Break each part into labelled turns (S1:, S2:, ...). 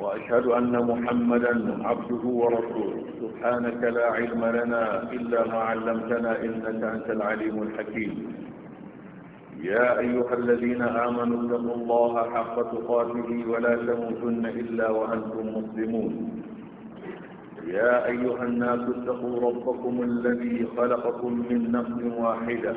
S1: وأشهد أن محمدا عبده ورسوله سبحانك لا علم لنا إلا ما علمتنا إنك أنت العليم الحكيم يا أيها الذين آمنوا اتقوا الله حق تقاته ولا تموتن إلا وأنتم مسلمون يا أيها الناس اتقوا ربكم الذي خلقكم من نفس واحدة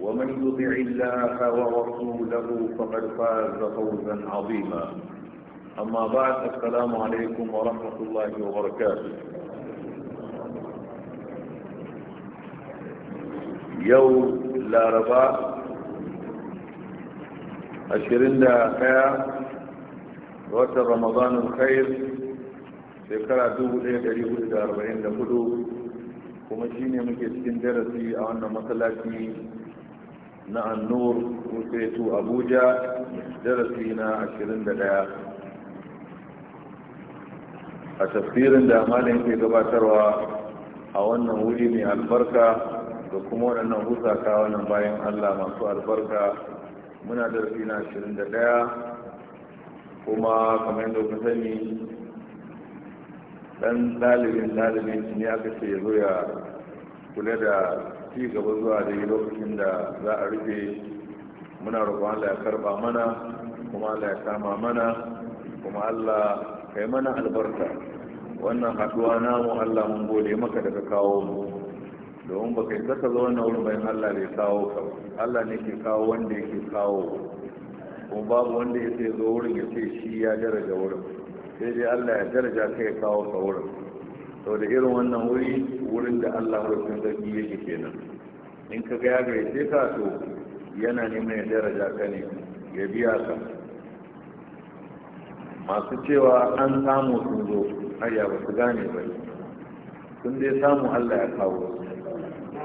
S1: ومن يطع الله ورسوله فقد فاز فوزا عظيما أما بعد السلام عليكم ورحمة الله وبركاته يوم لا ربا أشرين لا خير وقت رمضان الخير شكرا دوه ليه دريه لدى أربعين لفدو kuma shi ne muke cikin darasi a na annur mutu abuja darasi na 21 a tafsirin da amalin ke gabatarwa a wannan wuri mai albarka da kuma waɗannan husaka wannan bayan allah masu albarka muna darasi na 21 kuma kamar yadda ku sani ɗan ɗalibin ɗalibin ne aka ce zo ya kula da ci gaba zuwa da lokacin da za a rufe muna roƙon Allah ya karba mana kuma Allah ya kama mana kuma Allah kai mana albarka wannan haduwa namu Allah mun gode maka daga kawo mu domin ba kai zaka zo wannan wurin bayan Allah bai kawo ka Allah ne ke kawo wanda yake kawo kuma babu wanda ya sai zo wurin ya ce shi ya daraja wurin sai dai Allah ya daraja kai ya kawo ka wurin sau da irin wannan wuri wurin da allah hurufin sarki yake kenan in ka ga ya gaice ka so. yana neman ya daraja ka ne ya biya ka masu cewa an samu sun zo ayya ba su gane ba sun dai samu allah ya kawo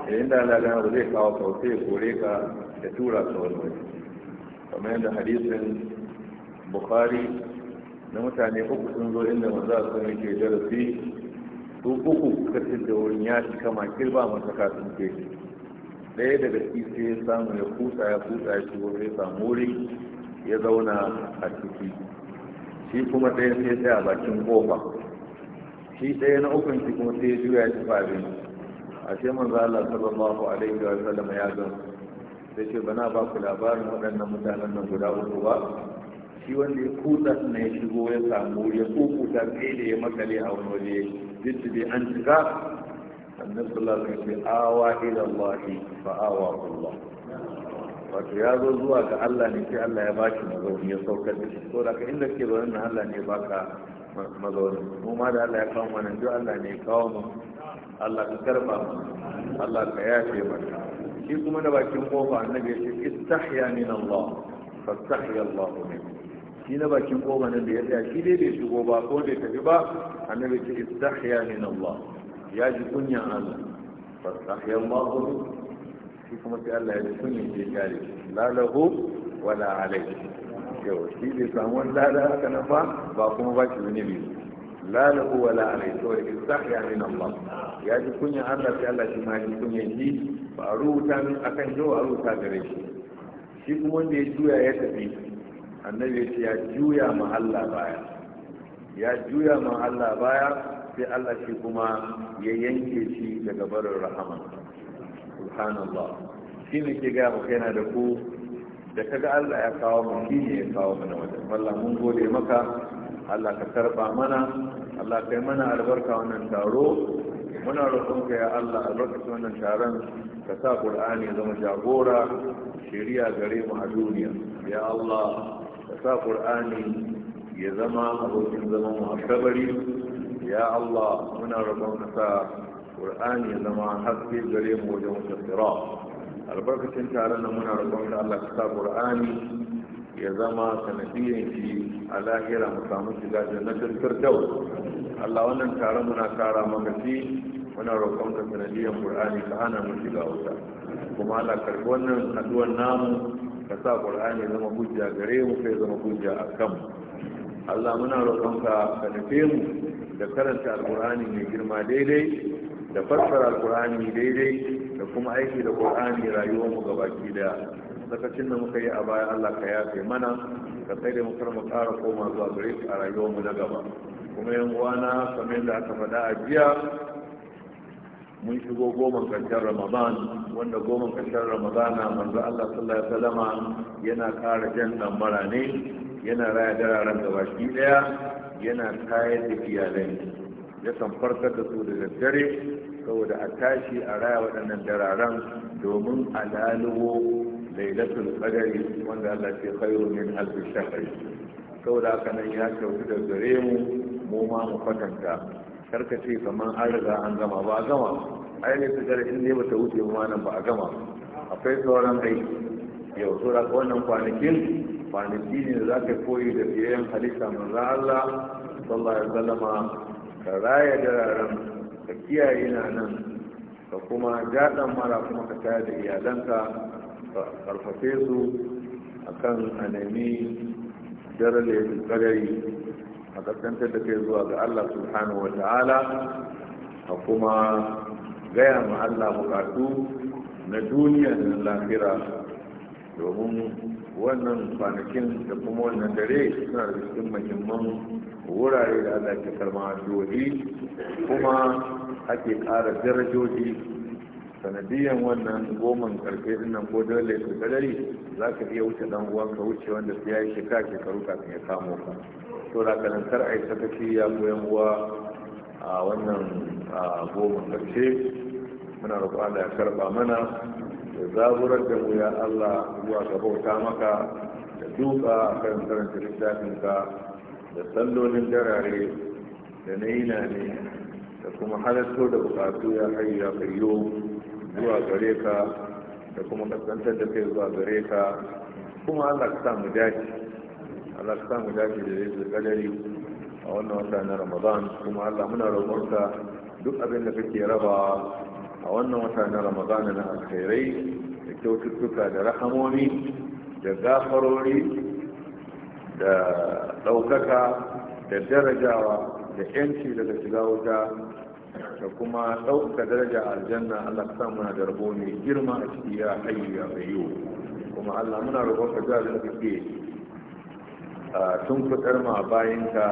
S1: yayin da allah gane ba zai kawo ka sai ya kore ka ya tura ka wani wani kamar yadda hadisin bukhari na mutane uku sun zo inda maza sun yake darasi su uku suka da wurin ya shi kama kirba masa kafin ke ɗaya daga cikin sai ya samu ya kusa ya kusa ya shigo ya samu wuri ya zauna a ciki shi kuma ɗaya sai tsaya bakin kofa shi ɗaya na ukun shi kuma sai ya juya shi fabin a ce manzo Allah sallallahu alaihi wa sallam ya gan sai ce bana ba ku labarin waɗannan mutanen nan guda uku ba shi wanda ya kusa na ya shigo ya samu ya kukuta kai da ya makale a wani waje jiddi an shiga annabi sallallahu alaihi wasallam awa ila Allah fa awa Allah wato ya zo zuwa ga Allah ne sai Allah ya baki mazauni ya saukar da shi ko da ka inda ke zaune na Allah ne baka mazauni mu ma da Allah ya kawo mana duk Allah ne ya kawo mu Allah ka karba mu Allah ka yafe mana shi kuma da bakin kofa annabi ya ce istahya min Allah fastahya Allah min shi na bakin koba nan da ya tsaya shi dai bai shigo ba ko bai tafi ba annabi ce istahya min Allah ya ji kunyan Allah fastahya Allah shi kuma sai Allah ya ji kunyan ke gare la lahu wala alayhi yau shi bai samu lada haka nan ba ba kuma ba shi wani biyu la lahu wala alayhi to istahya min Allah ya ji kunyan Allah sai Allah shi ma ya ji kunyan shi ba a rubuta min akan yau a rubuta gare shi shi kuma wanda ya juya ya tafi annabi ya ce ya juya ma Allah baya ya juya ma Allah baya sai Allah shi kuma ya yanke shi daga barin rahama subhanallah shi ne ke gaya maka yana da ku da kaga Allah ya kawo mu shi ne ya kawo mana wajen wallah mun gode maka Allah ka karba mana Allah kai mana albarka wannan taro muna roƙonka ya Allah a lokacin wannan taron ka sa Qur'ani ya zama jagora shari'a gare mu a duniya ya Allah sa qur'ani ya zama abokin zaman mu a ya Allah muna rabon sa qur'ani ya zama haske gare mu wajen wuce sirat albarkacin taron nan muna rabon ka Allah ka sa qur'ani ya zama sanadiyan shi a lahira mu samu shiga jannatin firdaus Allah wannan taron muna kara maka shi muna roƙon ka sanadiyan qur'ani ka hana mu shiga wuta kuma Allah karɓi wannan addu'ar namu ka sa qur'ani zama hujja gare mu kai zama hujja a kanmu Allah muna roƙonka ka nufe mu da karanta alqur'ani mai girma daidai da fassara alkur'ani daidai da kuma aiki da qur'ani rayuwar mu gabaki daya sakacin da muka yi a baya Allah ka yafe mana ka tsaye da mu kar mu ƙara koma zuwa gare a rayuwar mu na gaba kuma yan uwana kamar da aka faɗa a jiya mun shigo goman karshen ramadan wanda goman karshen na manzo Allah sallallahu alaihi wasallama yana kara jan damara ne yana raya dararen gabaki daya yana kaya da iyalai ya farkar da su da daddare saboda a tashi a raya waɗannan dararen domin a lalubo lailatul qadari wanda Allah ke khairu min alf shahri saboda haka nan ya kyautu da gare mu mu ma mu kwatanta karka ce kamar an riga an gama ba a gama ai ne fitar in ne ba ta wuce ma nan ba a gama akwai sauran aiki yau so ka wannan kwanakin kwanaki ne da za ka koyi da biyayen halitta za Allah sallallahu alaihi wasallam ka raya dararen ka kiyaye na nan ka kuma jaɗan mara kuma ka tayar da iyalanka ka karfafe su akan a nemi daren da a kaskantar da kai zuwa ga Allah subhanahu wa ta'ala a kuma gaya ma Allah bukatu na duniya da lafira domin wannan kwanakin da kuma wannan dare suna da cikin mahimman wurare da Allah ke karma dohi kuma ake ƙara darajoji sanadiyan wannan goman karfe dinnan ko dole su kadari za ka iya wuce dan uwanka wuce wanda sai ya yi shekara shekaru kafin ya kamo ka saura kanin kar ta yi ya koyan uwa a wannan goma karshe muna roƙon Allah ya karɓa mana da zaburar da mu Allah zuwa ga bauta maka da duka kan karanta littafin ka da sallolin darare da na yina ne da kuma halatto da bukatu ya hayu ya kayo zuwa gare ka da kuma kasantar da kai zuwa gare ka kuma Allah ka sa mu dace Allah ka mu dace da yake kadari a wannan wata na Ramadan kuma Allah muna roƙonka duk abin da kake raba a wannan wata na Ramadan na alkhairai da kyaututtuka da rahamomi da gafarori da ɗaukaka da darajawa da yanci daga shiga wuta da kuma ɗaukaka daraja aljanna Allah ka muna da rabo mai girma a ciki ya hayyu ya bayyu kuma Allah muna roƙonka da abin da kake tun fitar ma bayanka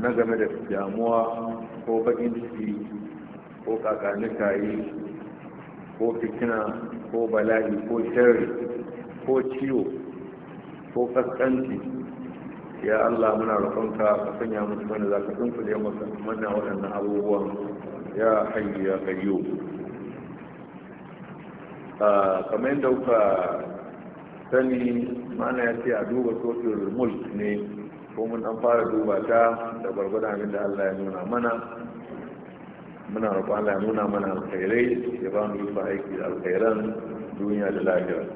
S1: na game da damuwa ko bakin ciki ko kakanuka yi ko fitina ko bala'i ko shari ko ciwo ko kaskanci ya allah muna roƙonka ka sanya musu wanda za ka tunkule mana waɗannan abubuwan ya hayyu ya gayyo ah, kamar yadda kuka sani mana ya ce a duba sotul mulk ne ko mun an fara duba ta da gwargwadon abin da allah ya nuna mana muna roƙo allah ya nuna mana alkhairai ya ba mu yi aiki da alkhairan duniya da lahira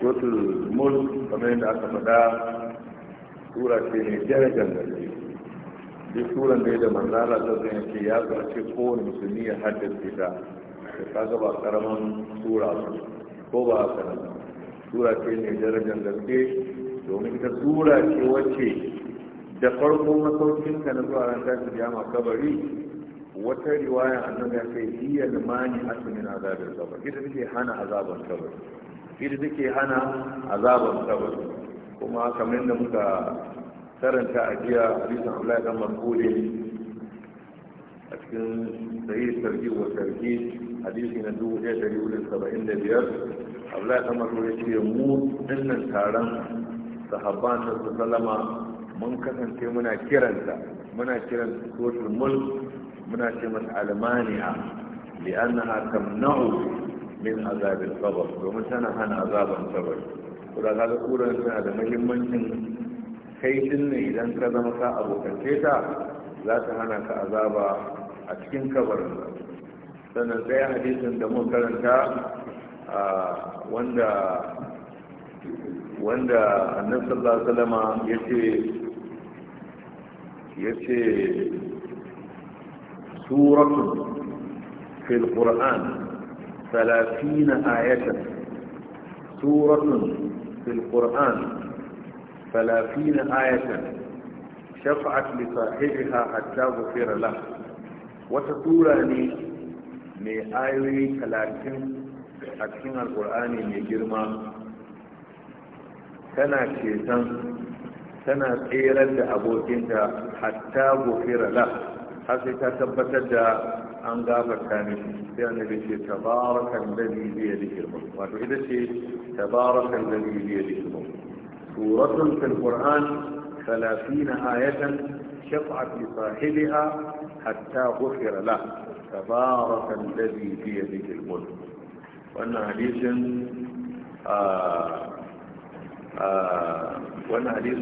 S1: sotul mulk kamar yadda aka faɗa tura ce ne darajar gaske duk turan da ya da manzala ta zai ce ya zarce kowane musulmi ya haddace ta da ta gaba karaman tura su ko ba haka nan sura ce mai darajar gaske domin ita sura ce wacce da farko ka na zuwa ran tashi ma kabari wata riwaya annabi ya ce iya limani asmin azabin qabr ita take hana azabin kabari ita take hana azaban kabari kuma kamar da muka karanta a jiya hadisin ya dan Mas'ud a cikin sahih tarjih wa sarki. hadisi na dubu ɗaya ɗari hudu saba'in da biyar abdullahi ta masu ya ce mu dinnan taron sahabban da su salama mun kasance muna kiranta muna kiran suratul mulk muna ce masa Almaniya. an almani'a li'annaha na'u min azabin sabar domin tana hana azabin sabar to da kaga kuran suna da muhimmancin kai din ne idan ka zama ka abokance ta za ta hana ka azaba a cikin kabarin sannan sai hadisin da mun karanta wanda wanda annabi sallallahu alaihi wasallam yace yace suratun fil qur'an 30 ayatan suratun fil qur'an 30 ayatan shafa'at li sahibiha hatta ghufira lahu wata sura ne mai ayoyi talatin a cikin alkur'ani mai girma tana ceton tana tserar da abokinta hatta gofira la har sai ta tabbatar da an gafarta ne sai an annabi ce tabarakan da bi da girma wato ita ce tabarakan da bi da girma mulk suratun fil qur'an 30 ayatan shafa'a fi sahibiya hatta gofira la تبارك الذي بيده الملك وانا حديث وانا حديث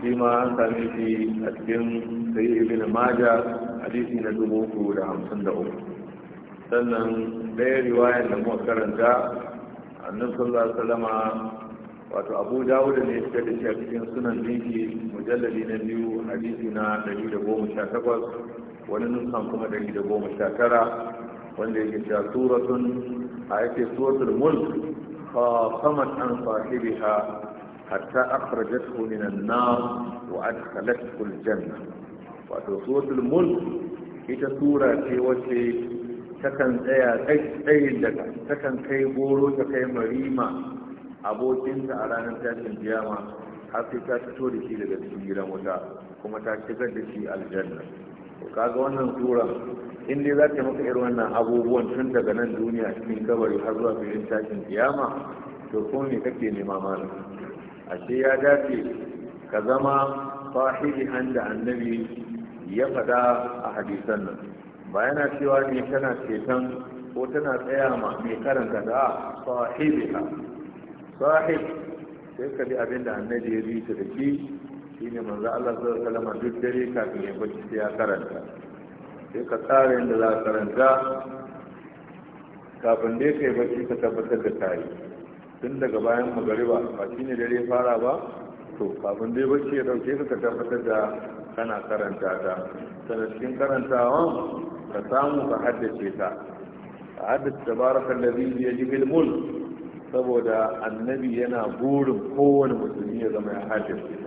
S1: فيما أنت في الدم سيء ابن ماجه حديث ندبوك لهمسن دعوك sannan ɗaya riwayar da muka karanta annabi sallallahu alaihi wasallama wato abu dawud ne ya da shi a cikin sunan dinki mujallali na biyu hadisi na 118 wani nusan kuma ɗari da goma sha tara wanda yake cewa suratun a yake suratul mulk fa samat an sahibiha hatta akhrajathu min an-nar wa adkhalathu al-janna wato suratul mulk ita sura ce wacce takan tsaya tsayin daga takan kai goro ta kai marima abokinta a ranar tashin kiyama har sai ta fito da shi daga cikin gidan wuta kuma ta shigar da shi aljanna kaga wannan tura in dai za ta maka irin wannan abubuwan tun daga nan duniya cikin kabari har zuwa filin tashin kiyama to ko ne kake nema malam ashe ya dace ka zama sahibi da annabi ya faɗa a hadisan nan ba yana cewa ne tana ceton ko tana tsaya ma mai karanta da ah, sahibiha sahib sai ka bi abin da annabi ya bi ta da shi ne manzo Allah sallallahu alaihi duk dare kafin ya bacci sai ya karanta sai ka tsara yadda za ka karanta kafin dai kai bacci ka tabbatar da tari, tun daga bayan magariba ba shine dare fara ba to kafin dai bacci ya dauke ka tabbatar da kana karanta ta sannan cikin karantawa ka samu ka haddace ta ka haddace tabarakan da biyu ya jibil saboda annabi yana burin kowane musulmi ya zama ya haddace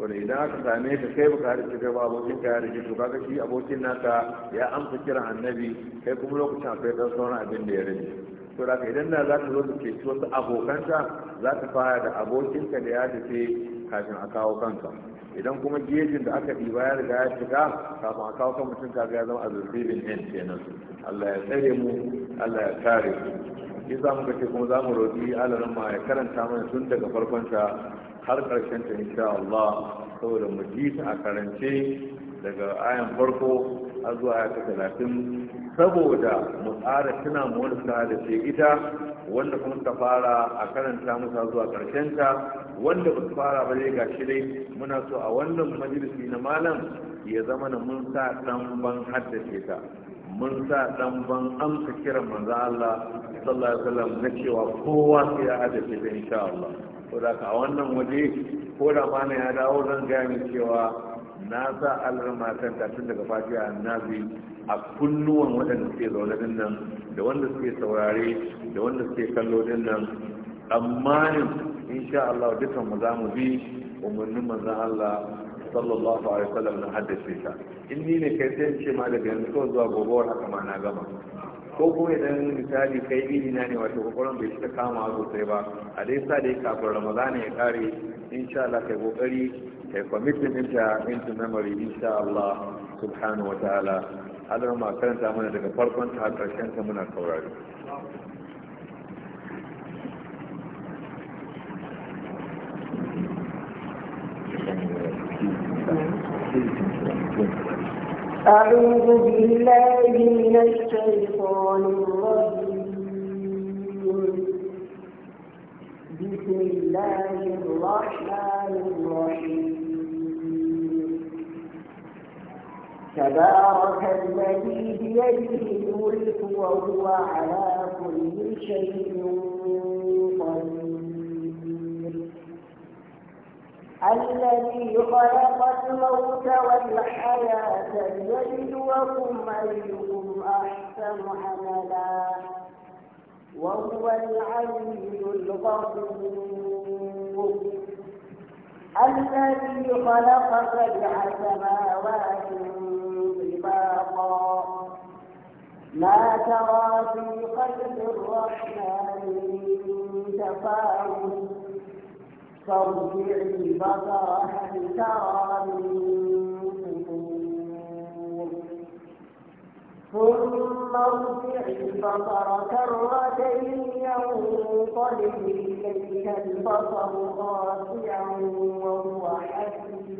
S1: to da idan aka same ka kai baka da shiga ba abokin ka ya rage to kaga shi abokin naka ya amsa kiran annabi kai kuma lokacin akwai dan sauran abin da ya rage to da idan da za ka zo da ke wasu abokanta za ka fara da abokinka da ya tafi kafin a kawo kanka idan kuma gejin da aka ɗiba ya riga ya shiga kafin a kawo kan mutum kaga ya zama azurfibin hen kenan allah ya tsare mu allah ya kare mu shi za mu kace kuma za mu roƙi alarin ma ya karanta mana tun daga farkonta har ƙarshen ta insha Allah saboda mu ji ta a karance daga ayan farko har zuwa aya talatin saboda mu tsara tuna mu wani sa da ce ita wanda kuma ta fara a karanta musa zuwa ƙarshen ta wanda ba fara ba dai gashi dai muna so a wannan majalisi na malam ya zama na mun sa ɗan ban haddace ta mun sa dan ban amsa kiran manzo Allah sallallahu alaihi wasallam na cewa kowa sai ya haddace ta insha Allah to a wannan waje ko da mana ya dawo zan gaya min cewa na sa alar matan ta tun daga Fatiya na a kunnuwan waɗanda suke zaune din nan da wanda suke saurare da wanda suke kallo din nan amma insha Allah dukan mu za mu bi umarnin manzon Allah sallallahu alaihi wasallam na haddace ta in ni ne kai sai ce ma daga yanzu kawai zuwa gobe haka ma na gama ko kuma idan misali kai irina ne wato kokarin bai cika kama sosai ba a dai sa dai kafin ramadana ya kare insha Allah kai kokari kai commitment ɗinta into memory insha Allah subhanahu wa ta'ala Allah ma karanta mana daga farkon ta karshen ta muna saurari Thank you.
S2: أعوذ بالله من الشيطان الرجيم بسم الله الرحمن الرحيم تبارك الذي بيده الملك وهو على كل شيء قدير الذي خلق الموت والحياة ليبلوكم أيكم أحسن عملا وهو العلي الغفور الذي خلق سبع سماوات طباقا ما ترى في قلب الرحمن من تفاؤل فارجعي بصرك ترى ثم ارجعي بصرك الرجل ينطلق اليك البصر خاسعا وهو حسير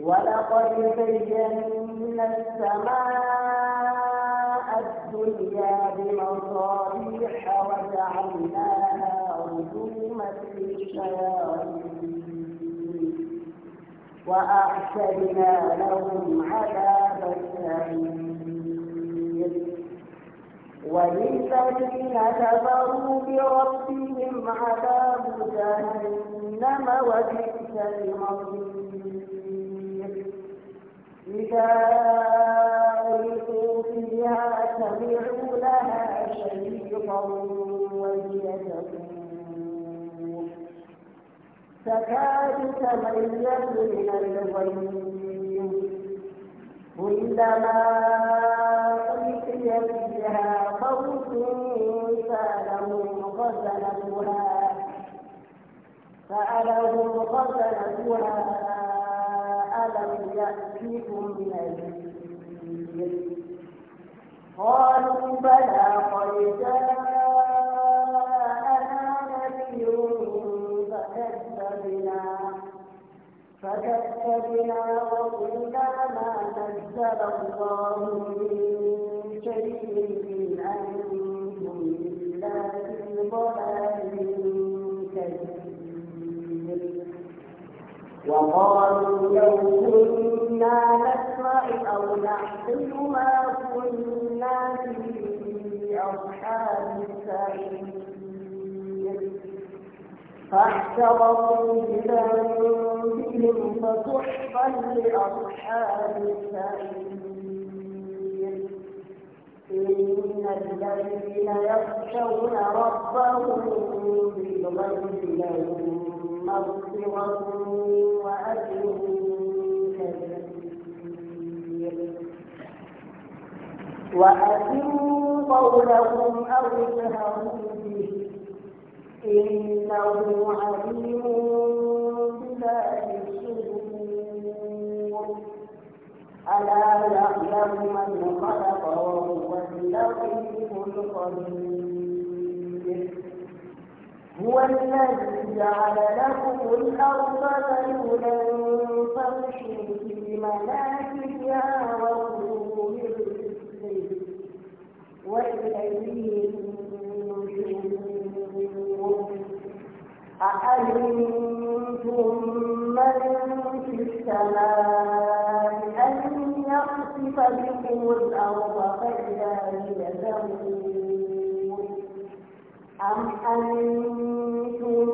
S2: ولقد زينا السماء الدنيا بمصابيح وجعلناها رجوما وأعتدنا لهم عذاب السعير وللذين كفروا بربهم عذاب جهنم وبئس المصير إذا ألقوا فيها سمعوا لها شهيقا وهي تقول تكاد تميز من الغيظ كلما ألقي فيها خوف سألهم غزلتها سألهم غزلتها ألم يأتكم نذير قالوا بلى قد فكتبنا وقلنا ما نزل الله من شيء إن أنتم إلا في ضلال كثير وقالوا لو كنا نسمع أو نحسن ما كنا في أصحاب السعير فاحتضروا بذنبهم فسحقا لأصحاب السعير إن الذين يخشون ربهم بالغيب لهم مغفرة وأجر كبير وأتموا قولهم أو اجهروا به إنه عليم بذات الصدور ألا يعلم من خلق وهو اللطيف الخبير هو الذي جعل لكم الأرض ذلولا فامشوا في مناكبها وكلوا من رزقه وإليه أأمنتم من في السماء أن يخسف بكم الأرض فإذا هي تموت أم أمنتم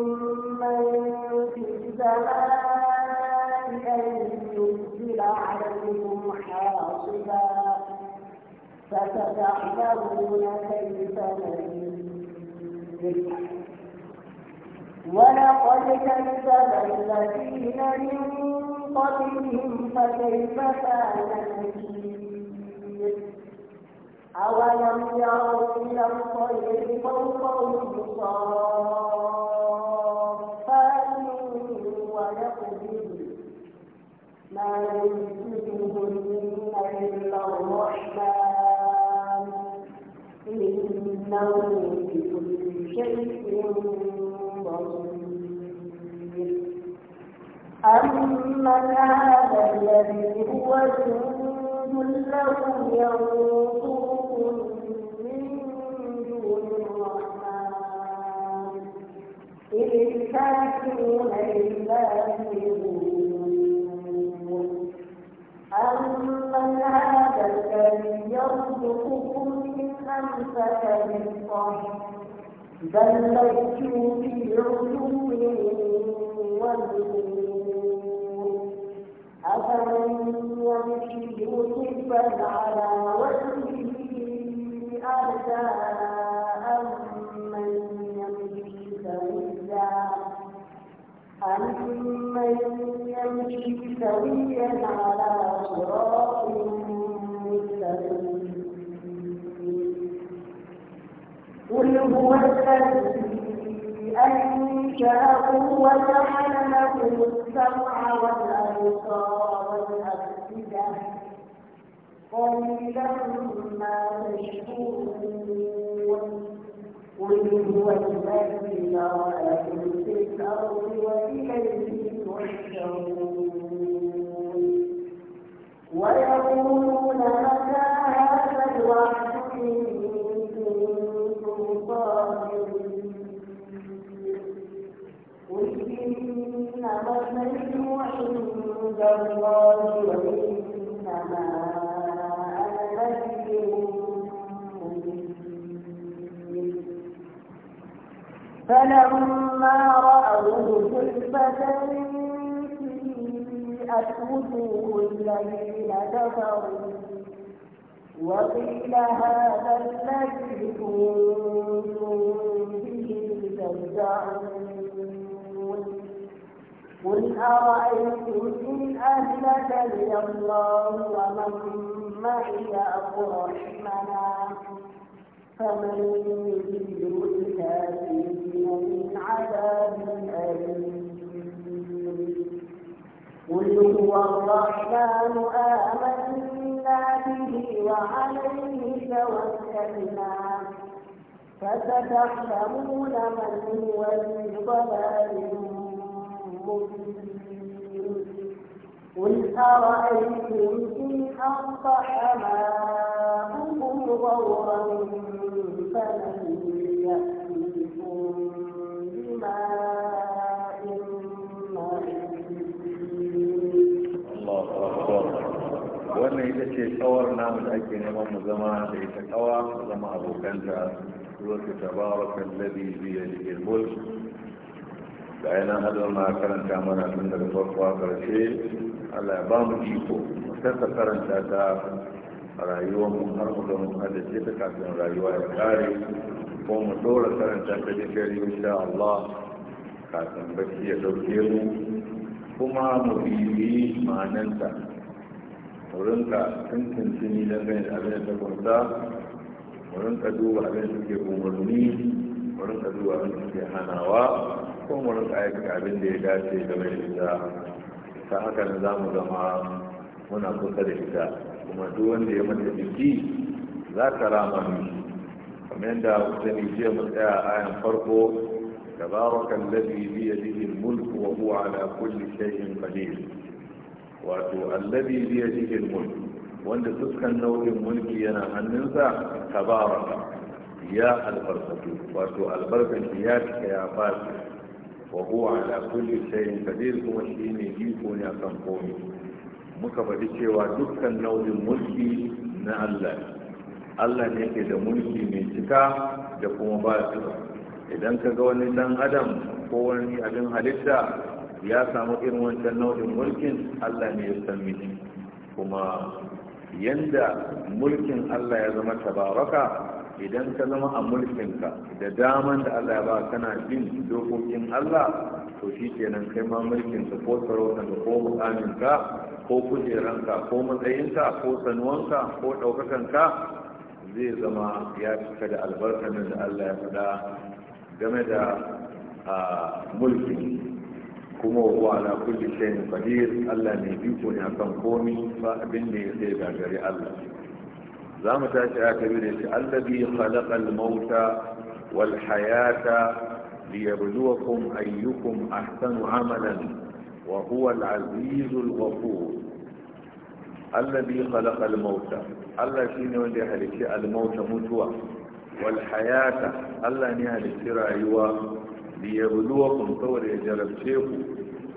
S2: من في السماء أن يرسل عليكم حاصبا فستعلمون كيف نذير ولقد كذب الذين من قبلهم فكيف كان أولم يروا إلى الطير فوقهم صافات ويقبل ما يمسكهن إلا الرحمن إنه بكل شيء أمن هذا الذي هو جند له ينصركم من دون الرحمن إن الكافرون إلا أمن هذا الذي يرزقكم إن أمسك رزقه بل لجوا في عتو ونفور أفمن يمشي مصبا على وجهه أهدى أمن يمشي أمن يمشي سويا على صراط قل هو الذي أنشأ قوة لكم السمع والأبصار والأفئدة قليلا ما تشكرون قل هو الذي ذرأكم في الأرض وإليه تحشرون ويقول فلما رأوه زلفة سيئت وجوه الذين كفروا وقيل هذا الذي كنتم به قل أرأيتم إن أهلكني الله ومن معي أفرحمنا فمن يجيب الكافرين من عذاب أليم قل هو الرحمن آمنا به وعليه توكلنا فستعلمون من هو في ضلال قل أرأيتم إن أصبح ماؤكم غورا فمن يأتيكم بماء الله أكبر wannan ita ce tsawar
S1: namu da ake neman mu zama da ita tsawa mu zama abokan da zuwa ta tabaraka alladhi bi yadihi al-mulk da yana hadar ma karanta mana tun daga farko karshe allah ya ba mu iko musamman karanta ta rayuwar mu har mu ga mu ta kafin rayuwa ya kare ko mu dora karanta ta da shari insha allah kafin bacci ya dauke mu kuma mu bibi ma'ananta wurinka tuntuntuni don da abin da ta kwanta. wurin ka duba abin da suke umarni mu rinka zuwa abin da ke hanawa ko mu rinka aikata abin da ya dace game da ita ta haka na za mu zama muna kusa da ita kuma duk wanda ya mata jiki za ka rama ni kamar yadda sani jiya mu tsaya ayan farko da تبارك الذي mulku wa وهو ala كل شيء قدير wato allabi biya cikin mulku wanda dukkan nau'in mulki yana hannunsa tabaraka ya albarkatu wato albarkan shi ya cika ya fasu wa huwa ala kulli shay'in qadir kuma shi ne iko ne akan komai muka faɗi cewa dukkan nau'in mulki na Allah Allah ne yake da mulki mai cika da kuma ba idan ka ga wani dan adam ko wani abin halitta ya samu irin wancan nau'in mulkin Allah ne ya san miki kuma yanda mulkin Allah ya zama tabaraka idan ka zama a mulkinka da daman da Allah ya ba kana bin dokokin Allah to shi kenan kai ma mulkinka ko sarautanka ko mukaminka ko kujeranka ko matsayinka ko sanuwanka ko ɗaukakanka zai zama ya cika da albarkanin da Allah ya faɗa game da mulkin kuma wa ala kulli shay'in qadir Allah ne biko ne akan komi ba abin da ya sai gagari Allah za mu tashi a ta biyu shi allabi khalaqal mauta wal hayata liyabluwakum ayyukum ahsanu amalan wa huwa al azizul ghafur allabi khalaqal mauta Allah shine wanda ya halicci al mauta mutuwa wal hayata Allah ne ya halicci rayuwa liyabluwakum saboda ya jarabce ku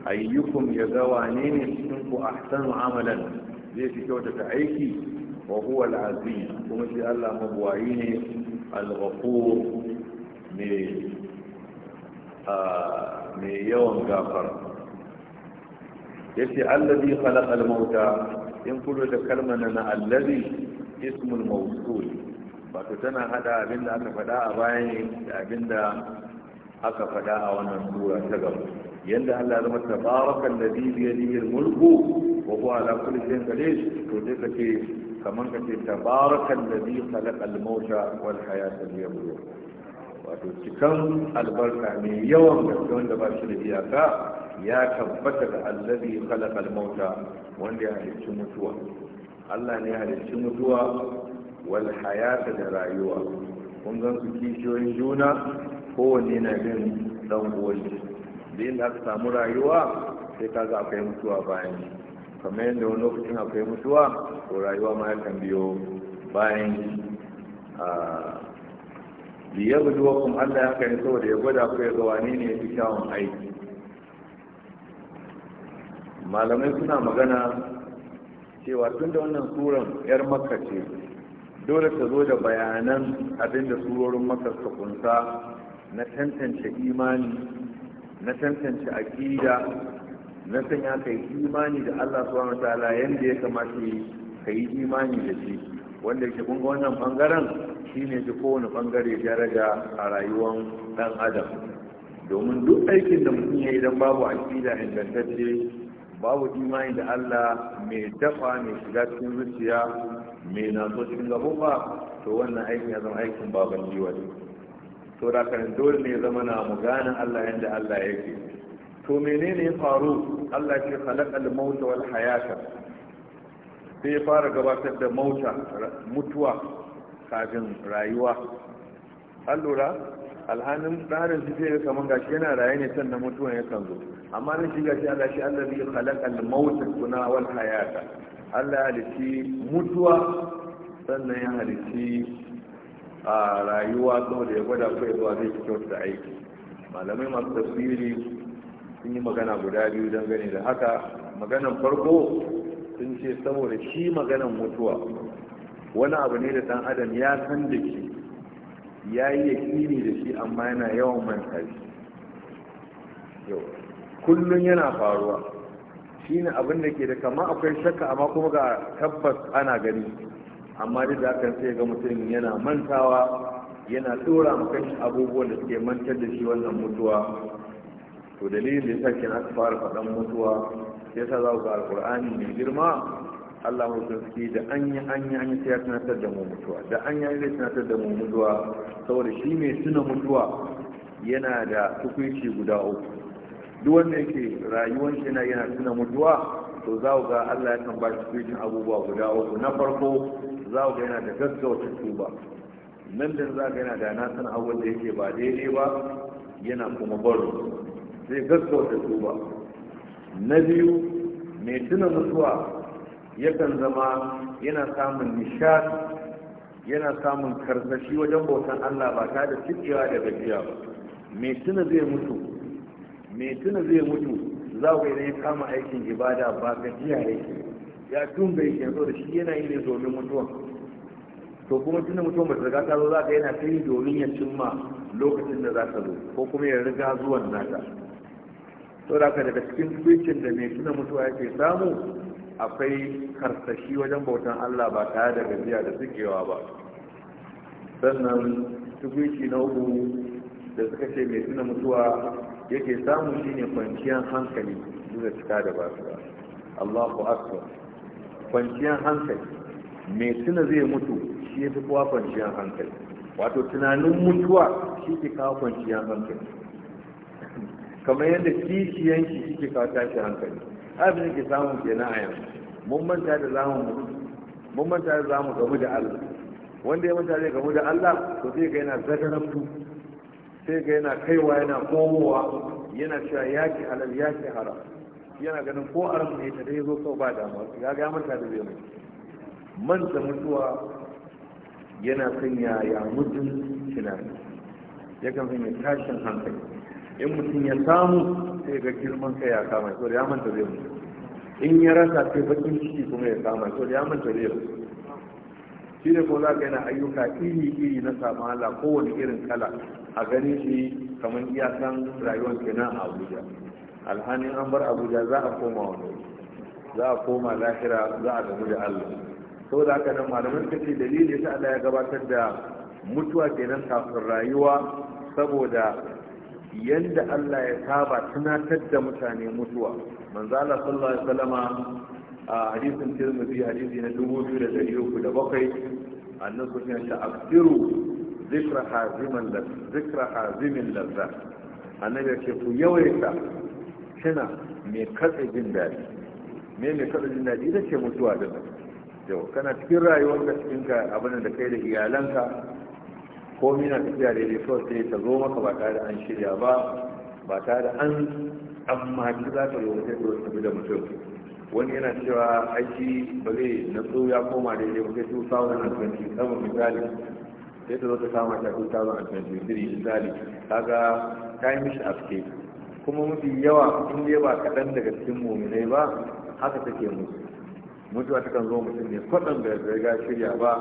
S1: ayyukum ya ga wane ne cikin ku ahsanu amalan zai fi kyautata aiki وهو العزيز ومثل الله مبوعين الغفور من آه، من يوم كافر يسي الذي خلق الموتى ينقل تكلمنا الذي اسم الموصول فتتنا هذا أبن أك فداء باين أبن أك فداء ومن سورة شغل يند أن لازم التبارك الذي بيده الملك وهو على كل شيء قليل وتتكي kamar ka ce tabarakan da zai halak almauta wal hayatar yabo wato cikan albarka mai yawan gaske wanda ba shi da iyaka ya tabbata da allazi halak almauta wanda ya halicci mutuwa Allah ne ya halicci mutuwa wal hayata da rayuwa kun gan su kishiyoyin juna kowanne na bin dan uwan da aka samu rayuwa sai kaga akwai mutuwa bayan shi kamar yadda wani lokacin akwai mutuwa ko rayuwa ma yakan biyo bayan ah, liya buduwa kuma allah ya kai saboda ya gwada ku ya ga wane ne ya fi kyawun aiki malamai suna magana cewa tun da wannan suran yar makka ce dole ta zo da bayanan abinda surorin makka suka kunsa na tantance imani na tantance aƙida na san ya kai imani da Allah subhanahu wataala yanda ya kamata ka yi imani da shi wanda ya kun wannan bangaren shine kowane bangare daraja a rayuwar dan adam domin duk aikin da mutum ya yi idan babu da ingantacce babu imani da Allah mai dafa mai shiga cikin zuciya mai so cikin gaba to wannan aikin ya zama aikin baban jiwa ne to da kan dole ne zama na mu gane Allah yanda Allah yake to menene ya faru Allah ke halakal mauta wal hayata sai ya fara gabatar da mauta mutuwa kafin rayuwa an lura alhanin tsarin su sai kamar gashi yana raye ne sannan mutuwan ya kan zo amma na shi gashi Allah shi Allah zai halakal mauta kuna wal hayata Allah ya halitti mutuwa sannan ya halitti a rayuwa saboda ya gwada kai zuwa zai da aiki malamai masu tafsiri sun yi magana guda biyu dangane da haka maganan farko sun ce saboda shi maganan mutuwa wani abu ne da dan adam ya san da shi ya yi yakini da shi amma yana yawan manta shi yau kullum yana faruwa shi ne abin da ke da kama akwai shakka amma kuma ga tabbas ana gani amma duk da hakan sai ga mutum yana mantawa yana tsora makan abubuwan da suke mantar da shi wannan mutuwa to dalilin da ya sa kenan aka fara faɗan mutuwa ya sa za ku ga alƙur'ani mai girma Allah mu sarki da an yi an yi an yi sai ya tunatar da mu mutuwa da an yi ya tunatar da mu mutuwa saboda shi mai tuna mutuwa yana da tukunci guda uku duk wanda yake rayuwar shi yana yana tuna mutuwa to za ku ga Allah ya kan ba shi tukuncin abubuwa guda uku na farko za ku ga yana da gaggauta tuba nan da za ga yana da na san abubuwan da yake ba daidai ba yana kuma baro zai gaggauta ba na biyu mai tuna mutuwa yakan zama yana samun nishadi yana samun karsashi wajen bautan Allah ba ta da cikewa da gajiya ba mai tuna zai mutu mai tuna zai mutu za ku ya kama aikin ibada ba gajiya yake ya tunga yake yanzu da shi yana yi ne domin mutuwa to kuma tuna mutuwa ba riga ta zo za ka yana ta yi domin ya cimma lokacin da za ka zo ko kuma ya riga zuwan naka saboda da daga cikin kwicin da mai tuna mutuwa yake samu akwai karsashi wajen bautan allah ba tare da gajiya da sukewa ba sannan tukwici na uku da suka ce mai tuna mutuwa yake samu shine kwanciyar hankali da cika da ba su ba allahu akbar kwanciyar hankali mai tuna zai mutu shi ya fi kowa kwanciyar hankali wato tunanin mutuwa shi ke kawo kwanciyar hankali kamar yadda kishiyanki suke kawo tashi hankali abin da ke samun kenan a yanzu mun manta da zamu mun manta da zamu gamu da Allah wanda ya manta da gamu da Allah to sai ga yana zagarantu sai ga yana kaiwa yana komowa yana cewa yaki halal yaki haram yana ganin ko aram ne ta dai zo kau ba dama ya ga manta da zai mai manta mutuwa yana sanya ya mutum tunani yakan sanya tashin hankali in mutum ya samu sai ga girman kai ya kama so da ya manta zai mutu in ya rasa sai bakin ciki kuma ya kama so da ya manta zai mutu shi ne ko za ka yana ayyuka iri iri na samu ala kowane irin kala a gani shi kamar iyakan rayuwar kenan a Abuja alhanin an bar Abuja za a koma wani za a koma lahira za a gamu da Allah da haka nan malaman kace dalili sa Allah ya gabatar da mutuwa kenan kafin rayuwa saboda yanda Allah ya saba tunatar da mutane mutuwa manzo Allah sallallahu alaihi wasallama a hadisin Tirmidhi hadisi na 2307 annabi sallallahu alaihi wasallam zikra haziman laz zikra hazimin lazza annabi yake ku yawaita kina mai katse jin dadi me mai katse jin dadi ita ce mutuwa din yau kana cikin rayuwar da cikin ka abin da kai da iyalanka ko mina tafiya da ya kawai sai ta zo maka ba tare da an shirya ba ba tare da an amma ki za ta zo sai tafi da mutum wani yana cewa aiki ba zai na so ya koma da ya kai 2020 sama misali sai ta zo ta kama ta 2023 misali kaga ta yi mishi aske kuma mafi yawa in dai ba kaɗan daga cikin muminai ba haka take musu mutuwa kan zo mutum ne kwaɗan da ya shirya ba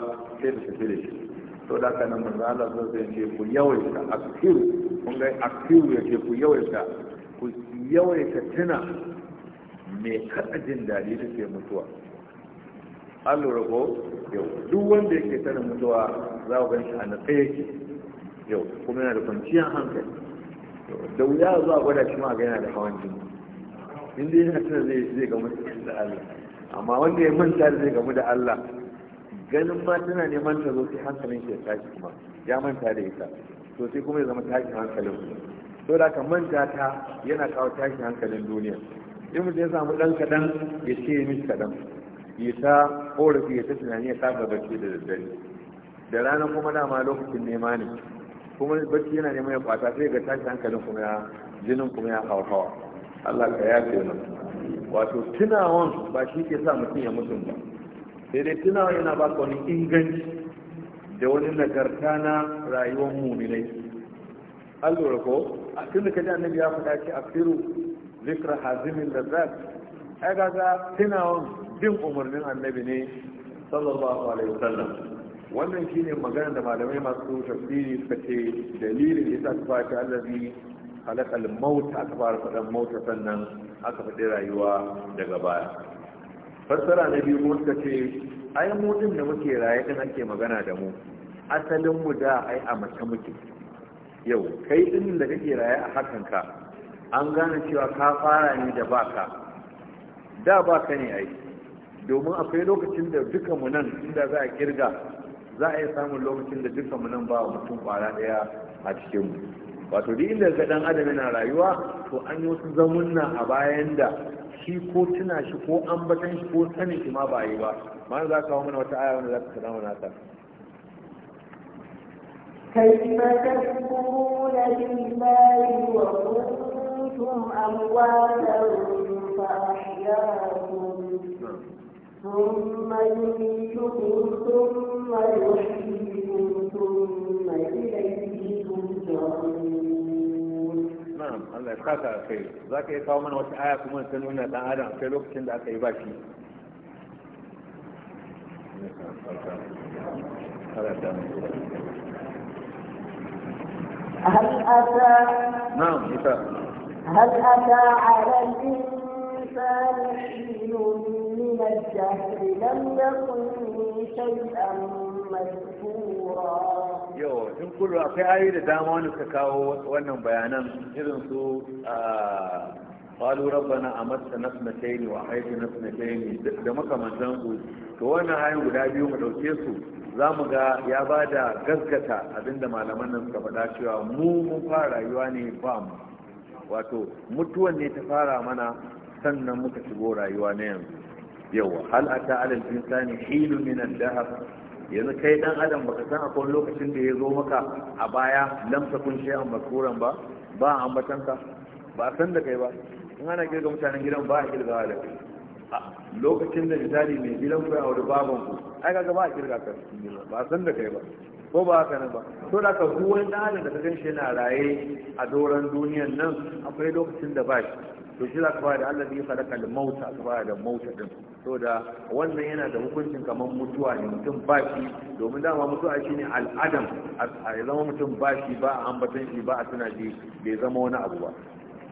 S1: sai ta tafi da shi to da kanan manzo Allah so sai ce ku yawaita aktiru kun ga ya yake ku yawaita ku yawaita tuna me kada jin dadi take mutuwa an lura ko yau duk wanda yake tana mutuwa za ku ganshi a natsa yake yau kuma yana da kwanciyar hankali da wuya za a gwada shi ma ga yana da hawan jini inda yana tana zai gamu da Allah amma wanda ya manta zai gamu da Allah ganin ma tana neman ta zo sai hankalin shi ya tashi kuma ya manta da ita to sai kuma ya zama tashin hankalin to da ka manta ta yana kawo tashin hankalin duniya in mutum ya samu dan kadan ya ce ya mishi kadan ya ta korafi ya ta tunani ya saba bacci da daddare da rana kuma dama lokacin nema ne kuma bacci yana neman ya kwata sai ga tashin hankalin kuma ya jinin kuma ya hawa hawa Allah ka yafe mu wato tunawan ba shi ke sa mutum ya mutum ba sai dai tunawa yana ba ka wani inganci da wani nagarta na rayuwar muminai an lura ko a tun da kaji annabi ya faɗa ce a firu zikra hazimin da lazzat ai gaga tunawan bin umarnin annabi ne sallallahu alaihi wasallam wannan shine magana da malamai masu tafsiri suka ce dalilin yasa ta fata allazi halakal mauta aka fara faɗan mauta sannan aka faɗi rayuwa daga baya fassara na biyu kuma suka ce ai mu din da muke raye din ake magana da mu asalin mu da ai a mace muke yau kai din da kake raye a hakan ka an gane cewa ka fara ne da baka da baka ne ai domin akwai lokacin da duka mu nan inda za a kirga za a yi samun lokacin da duka mu nan ba mutum kwara daya a cikin mu wato duk inda ga dan adam yana rayuwa to an yi wasu zamunna a bayan da shi ko tuna shi ko ambatan shi ko sanin shi ma ba yi ba ma za ka kawo mana wata aya wanda za ka tana mana ta
S2: كيف تكفرون بالله وكنتم أمواتا فأحياكم ثم يميتكم ثم يحييكم ثم إليه ترجعون
S1: Allah ya saka a kai za ka iya kawo mana wata aya kuma ta nuna dan adam akwai lokacin da aka yi ba shi هل أتى نعم هل
S2: أتى على الإنسان حين من الدهر لم يكن شيئا مذكورا
S1: in kullu akwai ayoyi da dama wani suka kawo wannan bayanan irin su a qalu rabbana na nasnatayn wa na nasnatayn da makamantan su to wannan ayoyi guda biyu mu ɗauke su za mu ga ya ba da gaskata abinda malaman nan suka faɗa cewa mu mun fara rayuwa ne ba mu wato mutuwan ne ta fara mana sannan muka shigo rayuwa na yanzu yau hal ata alal insani hilu minan yanzu kai dan adam baka san akwai lokacin da ya zo maka a baya lamsa kun shi an makuran ba ba a ambatanka ba a san da kai ba in ana girga mutanen gidan ba a girgawa da kai lokacin da misali mai gidan ku a wani baban ku ai kaga ba a girga ka ba a san da kai ba ko ba haka nan ba to da ka ku dan adam da ka shi na raye a doran duniyan nan akwai lokacin da ba shi to shi za ka ba da Allah ya da kalmauta ka ba da mauta din da wannan yana da hukuncin kamar mutuwa ne mutum ba shi domin dama mutuwa shi ne al'adam a zama mutum ba shi ba a ambatan shi ba a suna shi bai zama wani abu ba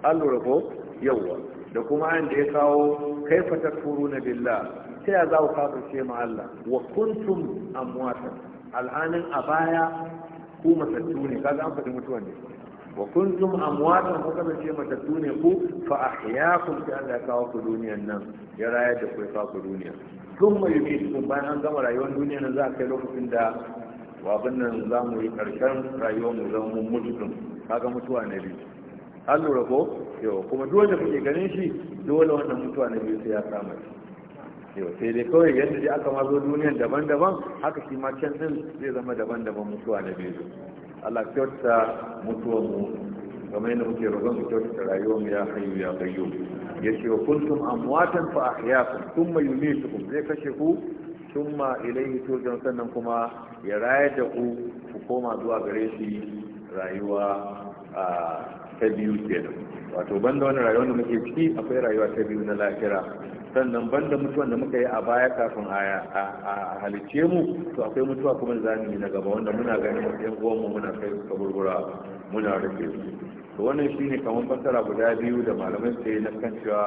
S1: an lura ko yawwa da kuma an da ya kawo kai fatar turu na billah ta ya za ku ce ma Allah wa kuntum amwatan al'anin a baya ku masattu ne kaga an faɗi mutuwa ne wa kuntum amwatan ku ce mata duniya ku fa ahyaakum ta Allah kawo ku duniyar nan ya rayar da ku kawo ku duniya kun mai yi kun bayan an gama rayuwar duniya nan za a kai lokacin da wabin nan za mu yi karshen rayuwar mu zama mu mutu kaga mutuwa na biyu an lura ko yau kuma duk kuke ganin shi dole wannan mutuwa na biyu sai ya samu yau sai dai kawai yadda dai aka mazo duniyar daban-daban haka shi ma can din zai zama daban-daban mutuwa na biyu Allah kyauta mutuwar mu kamar yadda muke roƙon su kyauta rayuwar mu ya hayu ya bayyu yace wa kuntum amwatan fa ahyaakum thumma yumitukum zai kashe ku thumma ilayhi turja'un sannan kuma ya rayar da ku ku koma zuwa gare shi rayuwa ta biyu kenan wato banda wani rayuwar da muke ciki akwai rayuwa ta biyu na lahira sannan banda mutuwan da muka yi a baya kafin a halice mu to akwai mutuwa kuma za mu yi na gaba wanda muna ganin yan mu muna kai ka burbura muna rufe su to wannan shine kamar fassara guda biyu da malamai su na kan cewa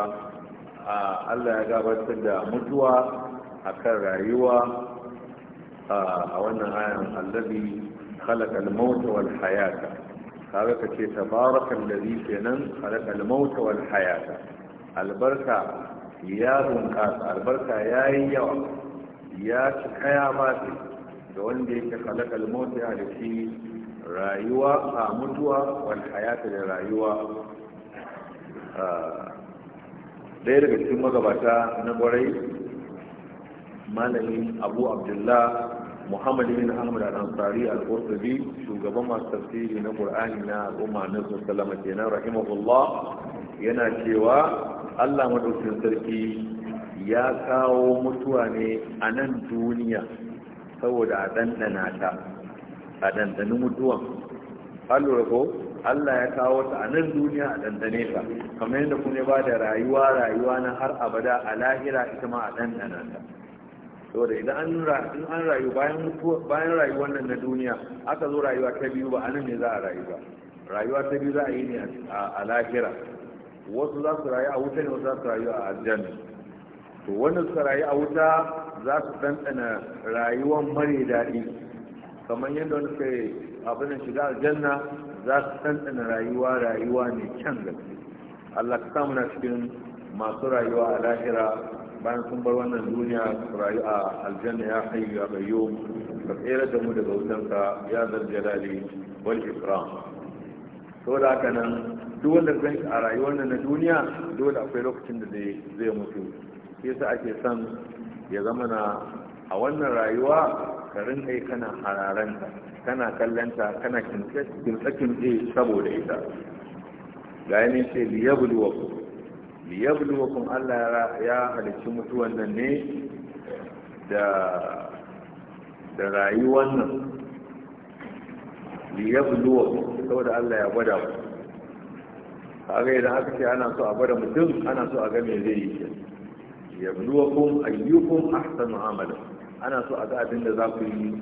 S1: Allah ya gabatar da mutuwa kan rayuwa a wannan ayan allabi khalaqa al-mauta wal hayata kaga kace tabaraka allazi kenan khalaqa al-mauta wal hayata albarka ya bunƙasa albarka ya yi yawa ya ci kaya mafi da wanda yake halakal mota ya shi. rayuwa a mutuwa wani hayata da rayuwa ah, ɗaya daga cikin magabata na gwarai malami abu abdullah muhammad bin ahmad al-ansari al-qurtubi shugaban masu tafsiri na qur'ani na al'umma na sallama kenan rahimahullah yana cewa Allah madaukin sarki ya kawo mutuwa ne a nan duniya saboda a ɗanɗana ta a ɗanɗani mutuwan allura ko Allah ya kawo ta a nan duniya a ɗanɗane ta kamar yadda kuma ba da rayuwa rayuwa na har abada a lahira ita ma a ɗanɗana ta saboda idan an in an rayu bayan bayan rayuwar nan na duniya aka zo rayuwa ta biyu ba a nan ne za a rayu ba rayuwa ta biyu za a yi ne a lahira wasu za su rayu a wuta ne wasu za su rayu a aljanna to wanda su rayu a wuta za su ɗanɗana rayuwar mare daɗi kamar yadda wani kai abin shiga aljanna za su ɗanɗana rayuwa rayuwa ne can gaske Allah ka samu na cikin masu rayuwa a lahira bayan sun bar wannan duniya su rayu a aljanna ya hayyu ya bayyo ka tsere da mu daga wutanka ya zarjalali wal ikram saboda haka nan duk wanda zan a rayuwar nan na duniya dole akwai lokacin da zai mutu shi yasa ake son ya zama na a wannan rayuwa ka rinka yi kana hararanta kana kallanta kana kimtsa-kimtsa saboda ita ga yanin ce liyabluwakum liyabluwakum Allah ya halicci mutuwan nan ne da da rayuwan nan liyabluwakum saboda Allah ya gwada ku kaga idan aka ce ana so a gwada mutum ana so a ga me zai yi ya bluwakum ayyukum ahsanu amala ana so a ga abin da za ku yi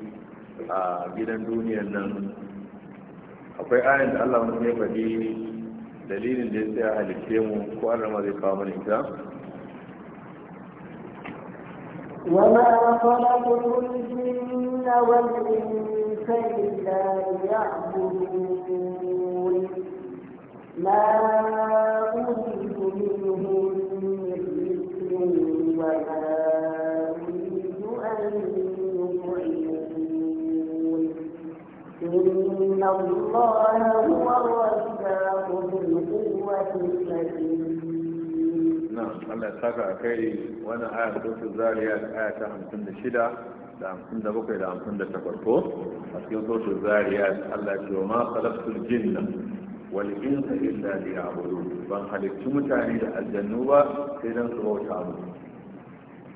S1: a gidan duniyar nan akwai ayan da Allah mutum ya faɗi dalilin da ya tsaya halitte mu ko Allah ma zai kawo mana ita وما
S2: خلقت الجن والإنس إلا ليعبدون ما أريد منهم من رزق وما أريد أن يطعمون إن الله هو الرزاق ذو القوة المتين
S1: Allah ya saka a kai wani aya sosu zariya aya ta hamsin da shida da hamsin da bakwai da hamsin da takwas ko a cikin sosu zariya Allah ya ce wa ma khalaqtul jinna wal insa illa liya'budun ban halittu mutane da aljannu ba sai dan su bauta mu